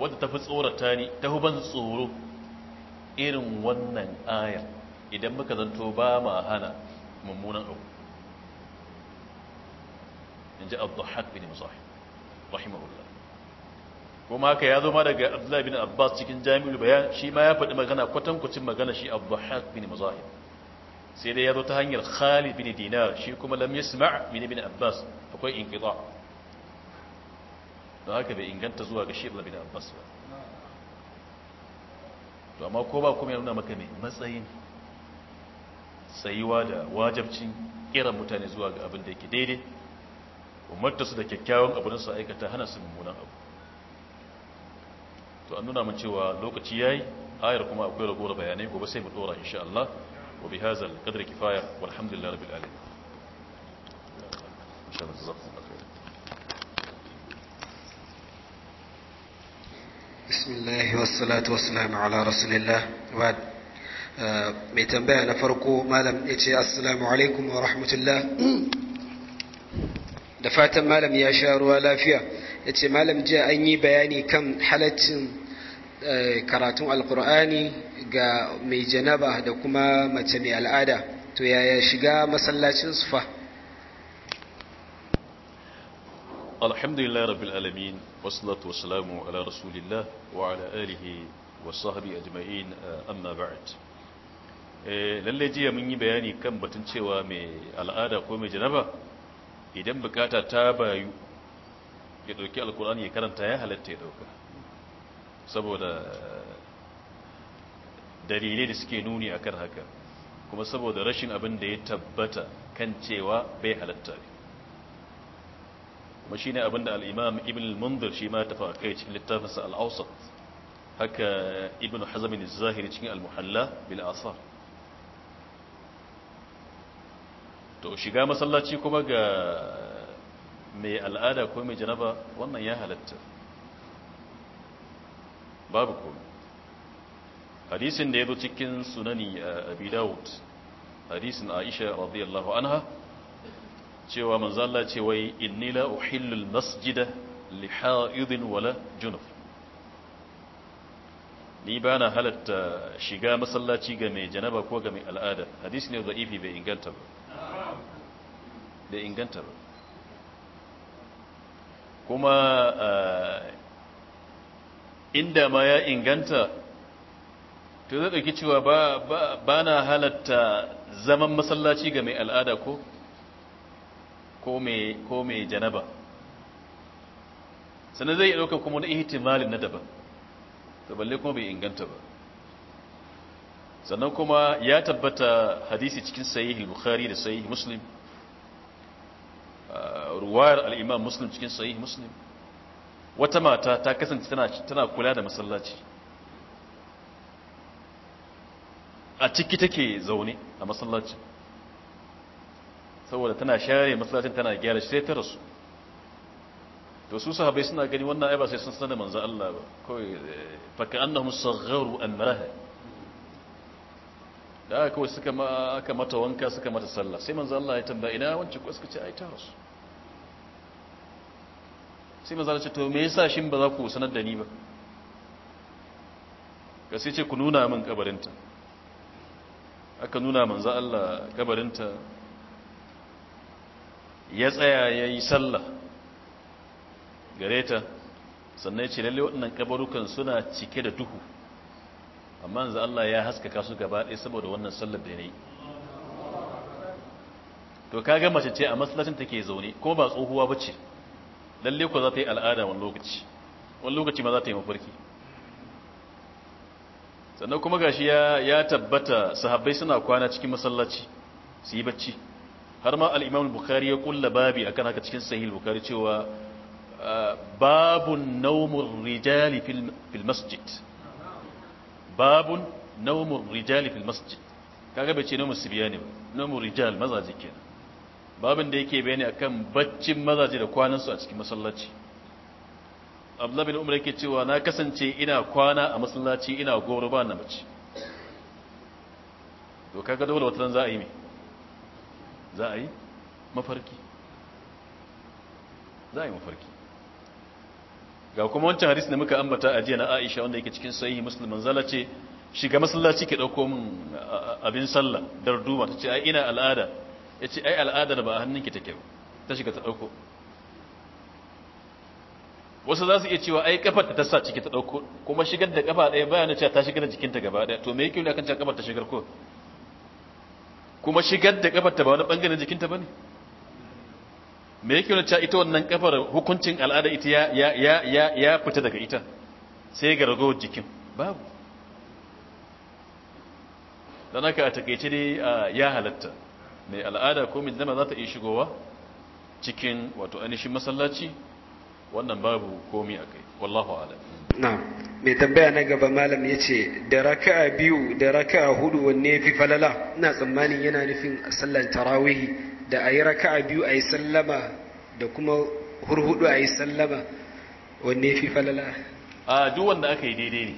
wadda ta fi tsorata ni ta huban tsoro irin wannan ayar idan muka zanto ba ma hana mummunan abu in ji abdullahi bin musahib rahimahullah kuma ka ya zo ma daga abdullahi bin abbas cikin jami'ul bayan shi ma ya faɗi magana kwatankwacin magana shi abdullahi bin muzahib sai dai ya zo ta hanyar khalid bin dinar shi kuma lam yasma' min bin abbas akwai inqita don haka bai inganta zuwa ga shi bin abbas ba to amma ko ba kuma ya nuna maka ne matsayin tsayuwa da wajabcin kiran mutane zuwa ga abin da yake daidai umarta su da kyakkyawan abu su aikata hana su mummunan abu to an nuna mun cewa lokaci yayi ayar kuma akwai ragowar bayanai gobe sai mu dora insha Allah wa bi hadzal qadri kifaya walhamdulillahi rabbil alamin insha Allah jazakum بسم الله والصلاة والسلام على رسول الله وبعد mai tambaya na farko malam ya ce assalamu alaikum wa rahmatullah da fatan malam ya sha ruwa lafiya ya ce malam jiya an yi bayani kan halaccin eh, karatun alkur'ani ga mai janaba da kuma mace mai al'ada to yaya shiga masallacin sufa alhamdulillah rabbil alamin wasallatu wasalamu ala rasulillah wa ala alihi wa sahbihi ajma'in eh, amma ba'd eh, lalle jiya mun yi bayani kan batun cewa mai al'ada ko mai janaba idan bukata ta bayu ya dauki alkur'ani ya karanta ya halatta ya dauka saboda dalilai da suke nuni akan haka kuma saboda rashin abin da ya tabbata kan cewa bai halatta ne kuma shine abin da al’imam ibn al-munzir shi ma tafa kai cikin littafinsa al haka ibn hazamin zahiri cikin al-muhalla bil asar to shiga masallaci kuma ga mai al'ada ko mai janaba wannan ya halatta babu komai hadisin da ya zo cikin sunani a eh, abi dawud hadisin aisha radiyallahu anha cewa manzo ce wai inni la uhillu al-masjida li ha'idin wala junub ni ba na halatta shiga masallaci ga mai janaba ko ga mai al'ada hadisi ne da'ifi bai inganta ba bai inganta ba kuma eh, inda ma ya inganta to zai ɗauki cewa ba na halatta zaman masallaci ga mai al'ada ko ko mai janaba sannan zai ɗauka kuma na ihtimalin na daban to balle kuma bai inganta ba sannan kuma ya tabbata hadisi cikin sahih bukhari da sahih muslim ruwayar al'imam muslim cikin sahih muslim wata mata ta kasance tana kula da masallaci a ciki take zaune a masallaci saboda tana share masallacin tana gyara shi sai ta rasu to su sahabai suna gani wannan aiba sai sun sanar manzo Allah ba kawai eh, faka annahum sagharu amraha da kawai suka ma aka mata wanka suka mata sallah sai manzo Allah ya tambaya ina wancan ko suka ce ai ta rasu sai manzala ce to me yasa shin ba za ku sanar da ni ba ka sai ce ku nuna min kabarinta aka nuna manzo Allah kabarinta ya tsaya yayi sallah gareta sannan ya ce lalle waɗannan kabarukan suna cike da duhu amma yanzu Allah ya haskaka su gaba ɗaya saboda wannan sallar da yayi to kaga mace ce a masallacin take zaune kuma ba tsohuwa ba lalle ku za ta yi al'ada wani lokaci wani lokaci ma za ta yi mafarki sannan kuma gashi ya tabbata sahabbai suna kwana cikin masallaci su yi bacci har ma al'imam bukari ya kulla babi akan haka cikin sahih bukari cewa ah, babun naumur rijali fil masjid babun naumur rijali fil masjid kaga bai ce naumun sibiya ne ba naumur rijal mazaje kenan babin da yake bayani akan baccin mazaje da kwanan su a cikin masallaci abdullahi bin umar yake cewa na kasance ina kwana a masallaci ina goro ba na mace to kaga dole wata za a yi me za a yi mafarki za a yi mafarki ga kuma wancan hadisi da muka ambata a jiya na Aisha wanda yake cikin sahihi Muslim manzala ce shiga masallaci ke dauko min abin sallah dar duma tace ai ina al'ada ya ce ai al'adar ba a hannunki take ba ta shiga ta ɗauko wasu za su iya cewa ai kafar ta sa ciki ta ɗauko kuma shigar da kafa ɗaya bayan cewa ta shigar da jikinta gaba ɗaya to me yake wuli akan cewa kafar ta shigar ko kuma shigar da kafar ta ba wani ɓangaren jikinta ba ne me yake wuli cewa ita wannan kafar hukuncin al'ada ita ya ya ya ya ya fita daga ita sai ga ragowar jikin babu don haka a takaice dai ya halatta mai al'ada ko mai zama za ta iya shigowa cikin wato ainihin masallaci wannan babu komi a kai wallahu alam na mai tambaya na gaba malam ya ce da raka'a biyu da raka'a hudu wanne fi falala ina tsammanin yana nufin sallan tarawihi da a yi raka'a biyu a yi sallama da kuma hurhudu a yi sallama wanne fi falala a duk wanda aka yi daidai ne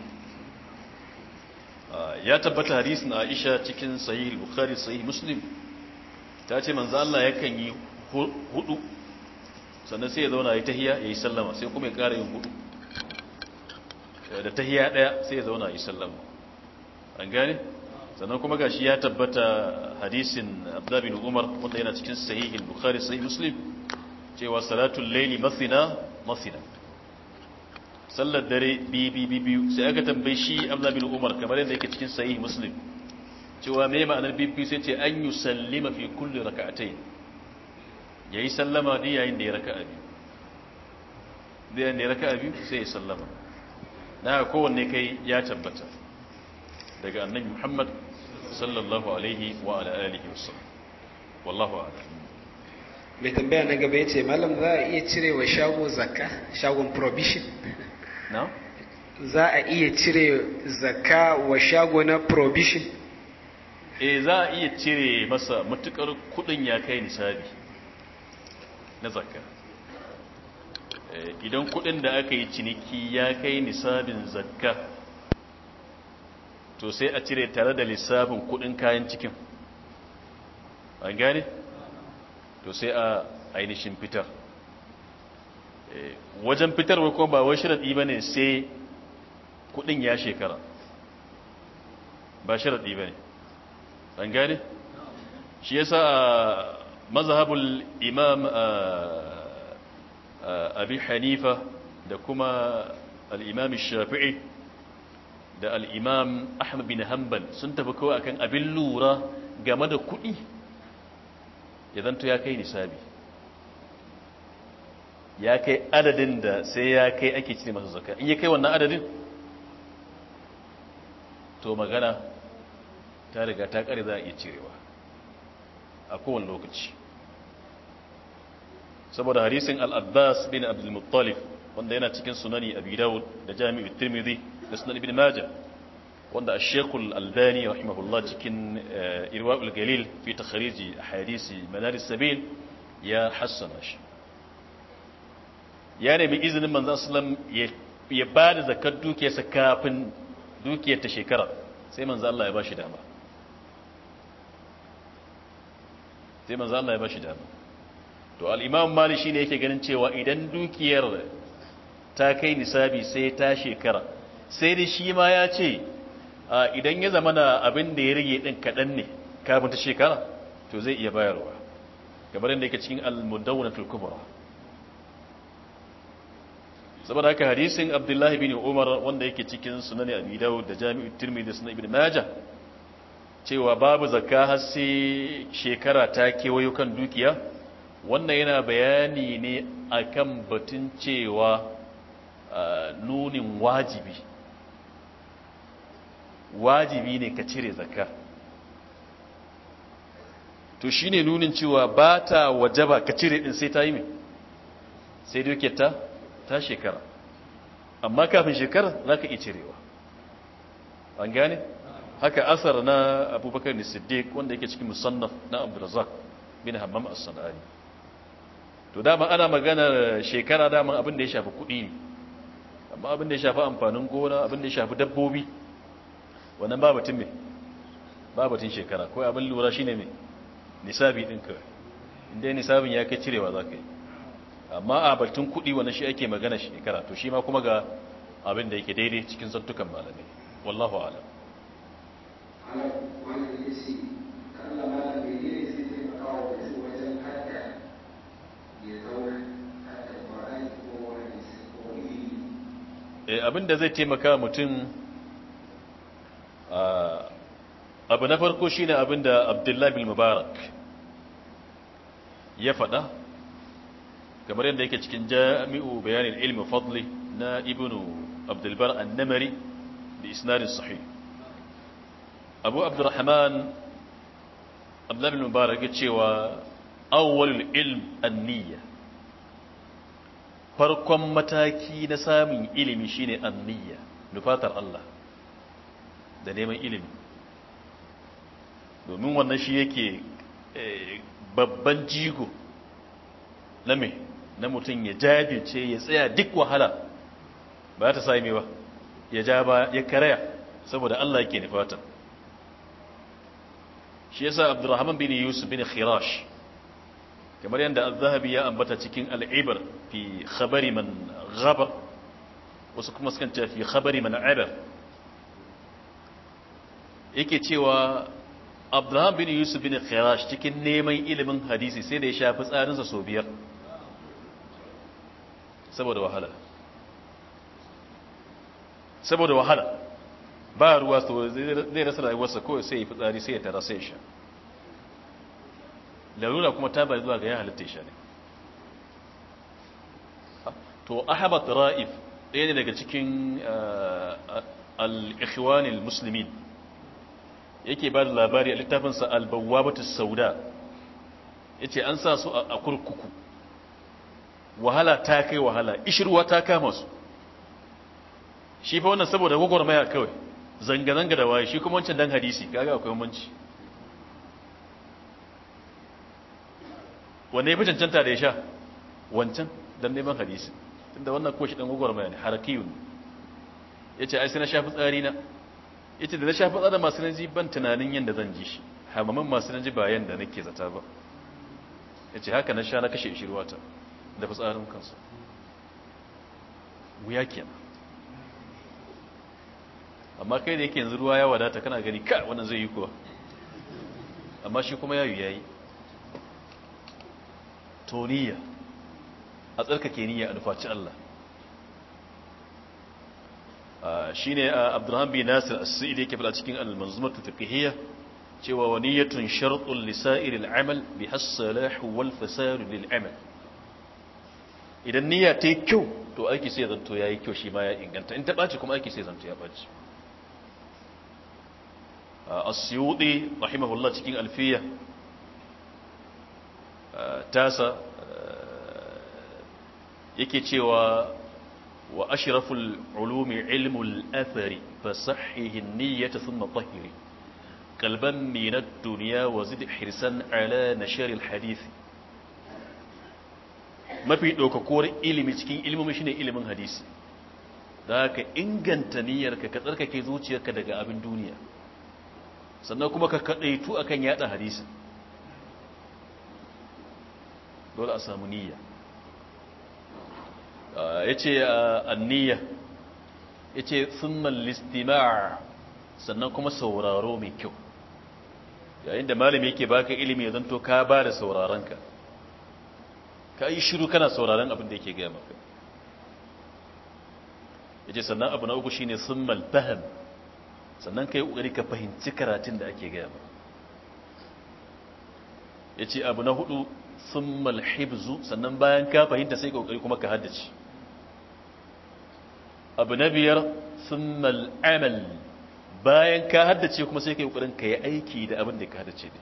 ya tabbata na Aisha cikin sahih Bukhari sahih Muslim ta ce manzo Allah yakan yi hudu sannan sai ya zauna ya tahiya ya yi sallama sai kuma ya ƙara yin hudu eh, da tahiya ɗaya sai ya zauna ya yi sallama an gane sannan kuma gashi ya tabbata hadisin abdabin umar wanda yana cikin sahihin bukhari sahih muslim cewa salatul laili masina masina sallar dare bi bi biyu sai aka tambaye shi abdabin umar kamar yadda yake cikin sahih muslim cewa mai ma'anar bibbi sai ce an yi sallima fi kulli ya yi sallama ne yayin da ya raka'a biyu da yayin da ya raka'a biyu sai ya sallama na ga kowanne kai ya tabbata daga annabi Muhammad sallallahu alaihi wa ala alihi wasallam wallahu a'lam mai tambaya na gaba yace malam za a iya cire wa shago zakka shagon prohibition na za a iya cire zakka wa shago na prohibition E za a iya cire masa matukar kudin ya kai nisabi na zakka eh, idan kudin da aka yi ciniki ya kai nisabin zakka to sai a cire tare da lissafin kudin kayan cikin an gane to sai a ainihin fitar eh, wajen fitar wakon ba wai shiradi ba ne sai kudin ya shekara ba shiradi ba ne an gane shi yasa a uh, mazhabul imam uh, uh, abi hanifa da kuma al-imam shafi'i da al'imam imam ahmad bin hanbal sun tafi kawai akan abin lura game da kuɗi idan to ya kai nisabi ya kai adadin da sai ya kai ake cire masa zakka in ya kai wannan adadin to magana ta riga ta kare za a iya cirewa a kowane lokaci saboda hadisin al-abbas bin abdul muttalib wanda yana cikin sunani abi dawud da jami'u tirmidhi da sunan ibn majah wanda a shekul albani rahimahullah cikin eh, irwaul galil fi takhrij ahadisi manar sabil ya hassana shi ya nemi izinin manzon sallam ya ba da zakar dukiyarsa kafin dukiyar ta shekara sai manzon Allah ya ba shi dama sai manzo Allah ya bashi dama to al-imam malik shine yake ganin cewa idan dukiyar ta kai nisabi sai ta shekara sai da shi ma ya ce idan ya zama na abin da ya rage din kadan ne kafin ta shekara to zai iya bayarwa kamar yadda yake cikin al-mudawwanatul kubra saboda haka hadisin abdullahi bin umar wanda yake cikin sunan abi dawud da jami'ut tirmidhi da sunan ibn majah cewa babu zakka har sai shekara ta kewayo kan dukiya wannan yana bayani ne akan batun cewa nunin wajibi wajibi ne ka cire zakka to shine nunin cewa ba ta wajaba ka cire din sai ta yi mai sai duke ta ta shekara amma kafin shekara za ka iya cirewa an gane? haka asar na abubakar ne siddiq wanda yake cikin musannaf na abdulrazak bin hammam as-sanani to dama ana maganar shekara dama abin da ya shafi kuɗi ne amma abin da ya shafi amfanin gona abin da ya shafi dabbobi wannan ba batun me ba batun shekara ko abin lura shine me nisabi din ka inda nisabin ya kai cirewa za ka yi amma a batun kuɗi wannan shi ake magana shekara to shi ma kuma ga abin da yake daidai cikin zantukan malamai wallahu a'lam Eh, zai taimaka mutum abin ah, da zai taimaka mutum abu na farko shine abin da abdullahi mubarak ya faɗa kamar yadda yake cikin jami'u bayanin ilmi fadli na ibnu abdulbar annamari da isnadin sahih abu abdurrahman abdullahi mubarak cewa awwal ilm anniya farkon mataki na samun ilimi shine anniya nufatar Allah da neman ilimi domin wannan shi yake eh, babban jigo na me na mutum ya jajirce ya tsaya duk wahala ba ta sami ba ya ja ba ya karaya saboda Allah yake nufatar shi yasa abdurrahman bin yusuf bin khirash kamar yanda az-zahabi ya ambata cikin al-ibar fi khabari man ghaba wasu kuma sukan ce fi khabari man aba yake cewa abdurrahman bin yusuf bin khirash cikin neman ilimin hadisi sai da ya shafi tsarin sa sobiyar saboda wahala saboda wahala ba ruwa zai rasa rayuwarsa kawai sai ya fitsari sai ya tara sai ya sha larura kuma ta bari zuwa ga ya halitta sha ne to ahabat ra'if ɗaya ne daga cikin eh, al musulmi yake ba da labari a littafinsa albawa batu sauda ce an sa su a kurkuku wahala ta kai wahala ishirwa ta kama su shi fa wannan saboda gwagwarmaya kawai zanga-zanga da waye shi kuma wancan dan hadisi kaga akwai munci wanne ya fi cancanta da ya sha wancan dan neman hadisi tunda wannan ko shi dan gwagwarmaya ne harakiyun ya ce ai sai na shafi tsari na ya ce da na shafi tsari masu nan ji ban tunanin yadda zan ji shi hamaman masu nan ji ba yadda nake zata ba ya ce haka na sha na kashe shirwata da fitsarin kansu wuya kenan amma kai da yake yanzu ruwa ya wadata kana gani ka wannan zai yi kuwa amma shi kuma ya yi yayi to niyya a tsarkake niyya a nufaci Allah shi ne abdurrahman bin nasir a said yake fada cikin almanzumar ta tafi cewa wani ya shartun li lisa'ir amal bi has-salah wal lil amal idan niyya ta yi kyau to aiki sai zanto yi kyau shi ma ya inganta in ta kuma aiki sai zanto ya baci آه، السيوطي رحمه الله تكين ألفية آه، تاسا آه، يكيتي و وأشرف العلوم علم الأثر فصحه النية ثم طهر قلبا من الدنيا وزد حرصا على نشر الحديث ما في دوكا كور علمي cikin ilimin shine ilimin hadisi da ka inganta niyyarka ka tsarkake zuciyarka daga abin duniya sannan kuma ka a akan yada hadisun dole a samu niyya ce a niyya ya ce ah, al-istima' sannan kuma sauraro mai kyau yayin da malami yake baka ilimi ya zanto ka ba da sauraronka ka yi shiru kana sauraron abin da yake gaya maka ce sannan abu na uku shine thumma al-fahm sannan ka yi ƙoƙari ka fahimci karatun da ake gaya ba. ya ce abu na hudu sun malhibzu sannan bayan ka fahimta sai ƙoƙari kuma ka haddace abu na biyar sun mal'amal bayan ka haddace kuma sai ka yi ƙoƙarin ka yi aiki da abin da ka haddace ne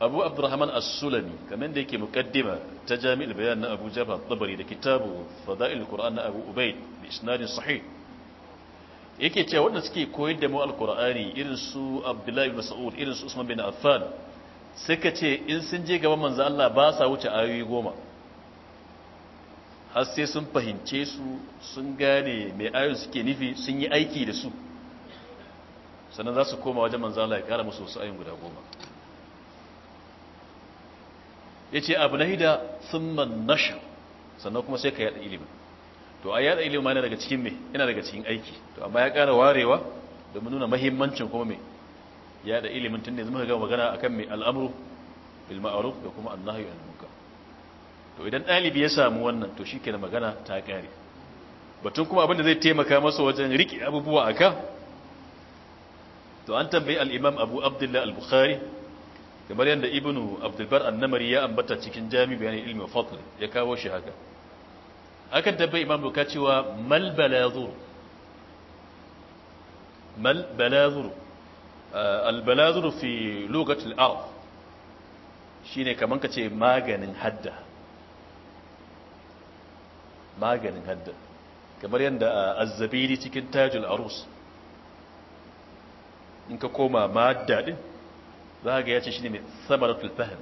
abu abdurrahman as-sulami kamar da yake mukaddima ta jami'ul bayan na abu jabal tabari da kitabu fada'il qur'an na abu ubayd bi isnadin sahih yake ce wanda suke koyar da mu alkur'ani irin su abdullahi sa'ud irin su usman bin affan suka ce in sun je gaban manzo Allah ba sa wuce ayoyi goma har sai sun fahimce su sun gane me ayoyin suke nufi sun yi aiki da su sannan za su koma wajen manzo Allah ya kara musu wasu ayoyin guda goma yace abu nahida thumma nashr sannan kuma sai ka yada ilimin to a yada ilimi yana daga cikin me yana daga cikin aiki to amma ya kara warewa domin nuna mahimmancin kuma me yada ilimin tun ne zama ga magana akan me al'amru bil ma'ruf da kuma annahi anil munkar to idan ɗalibi ya samu wannan to shikenan magana ta kare batun kuma abin da zai taimaka masa wajen rike abubuwa aka to an tambayi al-imam abu abdullah al-bukhari kamar yadda ibnu abdulbar Namari ya ambata cikin jami bayanin ilmi wa fadl ya kawo shi haka akan tabbai imam doka cewa mal balazur mal balazur ah, al balazur fi lugatul arab shine kaman kace maganin hadda maganin hadda kamar yanda ah, az-zabiri cikin tajul arus in ka koma madda din za ga yace shine mai samaratul fahm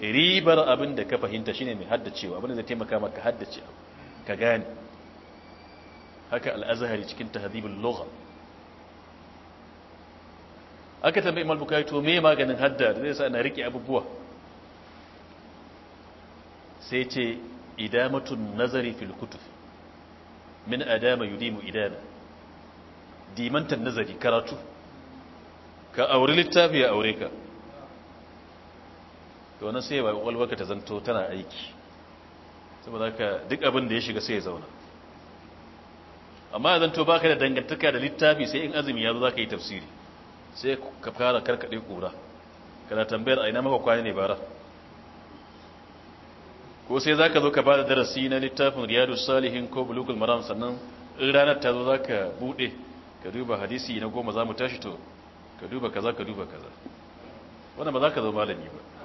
ribar abin da ka fahimta shine mai haddacewa abin da zai taimaka maka haddace ka gane haka al-azhari cikin tahdhibul lugha aka tambaye imam bukhari to me maganin hadda zai sa na rike abubuwa sai ce idamatun nazari fil kutub min adama yudimu idana dimantan nazari karatu ka aure littafi ya aure ka to wannan sai ba kwakwalwarka ta zanto tana aiki saboda ka duk abin da ya shiga sai ya zauna amma ya zanto baka da dangantaka da littafi sai in azumi ya zo za ka yi tafsiri sai ka fara karkaɗe ƙura kana tambayar aina maka kwana ne bara ko sai za ka zo ka ba da darasi na littafin riyadu salihin ko bulukul maram sannan in ranar ta zo za ka buɗe ka duba hadisi na goma za mu tashi to ka duba kaza ka duba kaza wanda ba za ka zo malami ba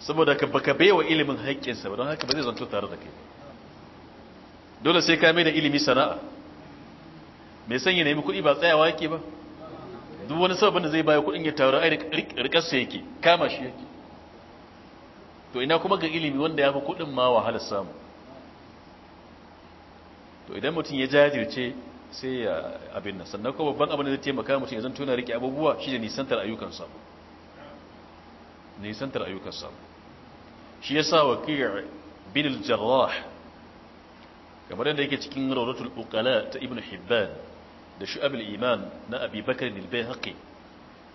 saboda ka baka baiwa ilimin haƙƙinsa don haka ba zai zanto tare da kai dole sai ka mai da ilimi sana'a mai sanya nemi kuɗi ba tsayawa yake ba duk wani sababin da zai bayar kuɗin ya taru ai rikarsa yake kama shi yake to ina kuma ga ilimi wanda ya fi kuɗin ma wahalar samu to idan mutum ya jajirce sai ya abin nan sannan kuma babban abin da zai taimaka mutum ya zanto yana rike abubuwa shi ne nisantar ayyukan samu nisantar ayyukan samu shi sa waqi' bin al-jarrah kamar yadda yake cikin rawdatul uqala ta ibn hibban da shu'ab iman na abi bakr al-bayhaqi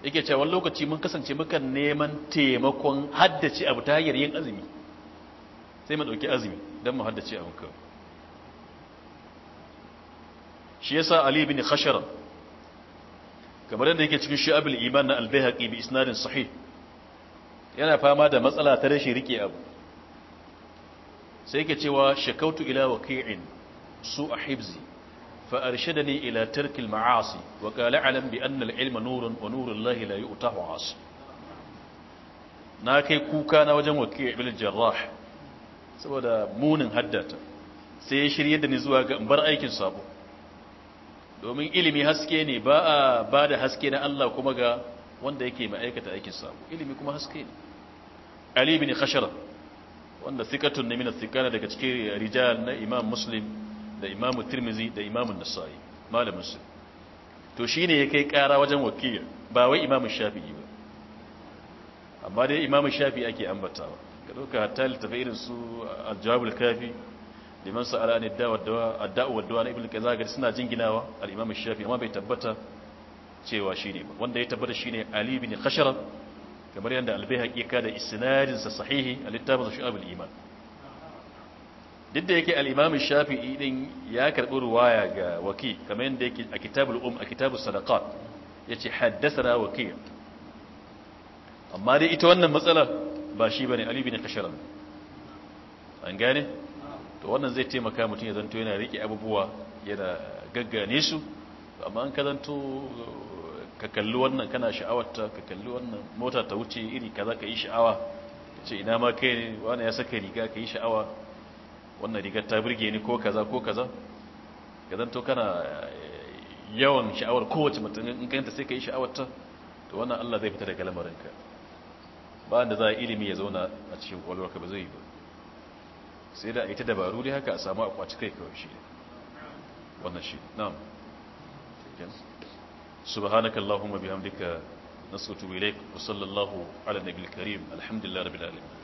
yake cewa wani lokaci mun kasance muka neman taimakon haddace abu ta hanyar yin azumi sai mu dauki azumi dan mu haddace abu kawai shi ya sa ali bin khashara kamar yadda yake cikin shu'ab iman na al-bayhaqi bi isnadin sahih yana fama da matsala ta rashin rike abu sai ka cewa shakautu ila waqi'in su a hibzi fa arshadani ila tarkil ma'asi wa qala alam bi anna al-ilma nurun wa nurul lahi la yu'tahu as na kai kuka na wajen waqi' ibn jarrah saboda munin haddata sai ya shirye da ni zuwa ga bar aikin sabo domin ilimi haske ne ba a ba da haske na Allah kuma ga wanda yake mai aikata aikin sabo ilimi kuma haske ne ali bin khashara wanda sikatun ne min sikana daga cikin rijal na imam muslim da imam tirmizi da imam nasa'i malamin su to shine ya kai kara wajen wakili ba wai imam shafi'i ba amma dai imam shafi'i ake ambatawa ka dauka hatta littafi irin su al-jawabul kafi liman sa'ala an ad-da'u wad-dawa na ibnu kazaga suna jinginawa al-imam shafi'i amma bai tabbata cewa shine ba wanda ya tabbata shine ali bin khashara kamar yadda albai haƙiƙa da isnadinsa sahihi a littafin shu'abul iman duk da yake al'imamun shafi idin ya karɓi ruwaya ga waki kamar yadda yake a kitabul um a kitabus sadaqat yace na waki amma dai ita wannan matsala ba shi bane ali na kasharan an gane to wannan zai taimaka mutum ya zanto yana rike abubuwa yana gaggane su amma an ka zanto ka kalli wannan kana sha'awarta ka kalli wannan mota ta wuce iri kaza ka yi sha'awa ce ina ma kai ne wani ya saka riga ka yi sha'awa wannan rigar ta birge ni ko kaza ko kaza ka zanto kana eh, yawan sha'awar kowace mutum in kanta sai ka yi sha'awarta to wannan Allah zai fita daga lamarinka ba da za a ilimi ya zauna a cikin ka ba zai yi ba sai da a yi ta dabaru dai haka a samu akwaci kai kawai shi wannan shi na'am سبحانك اللهم بحمدك نصرت إليك وصلى الله على النبي الكريم الحمد لله رب العالمين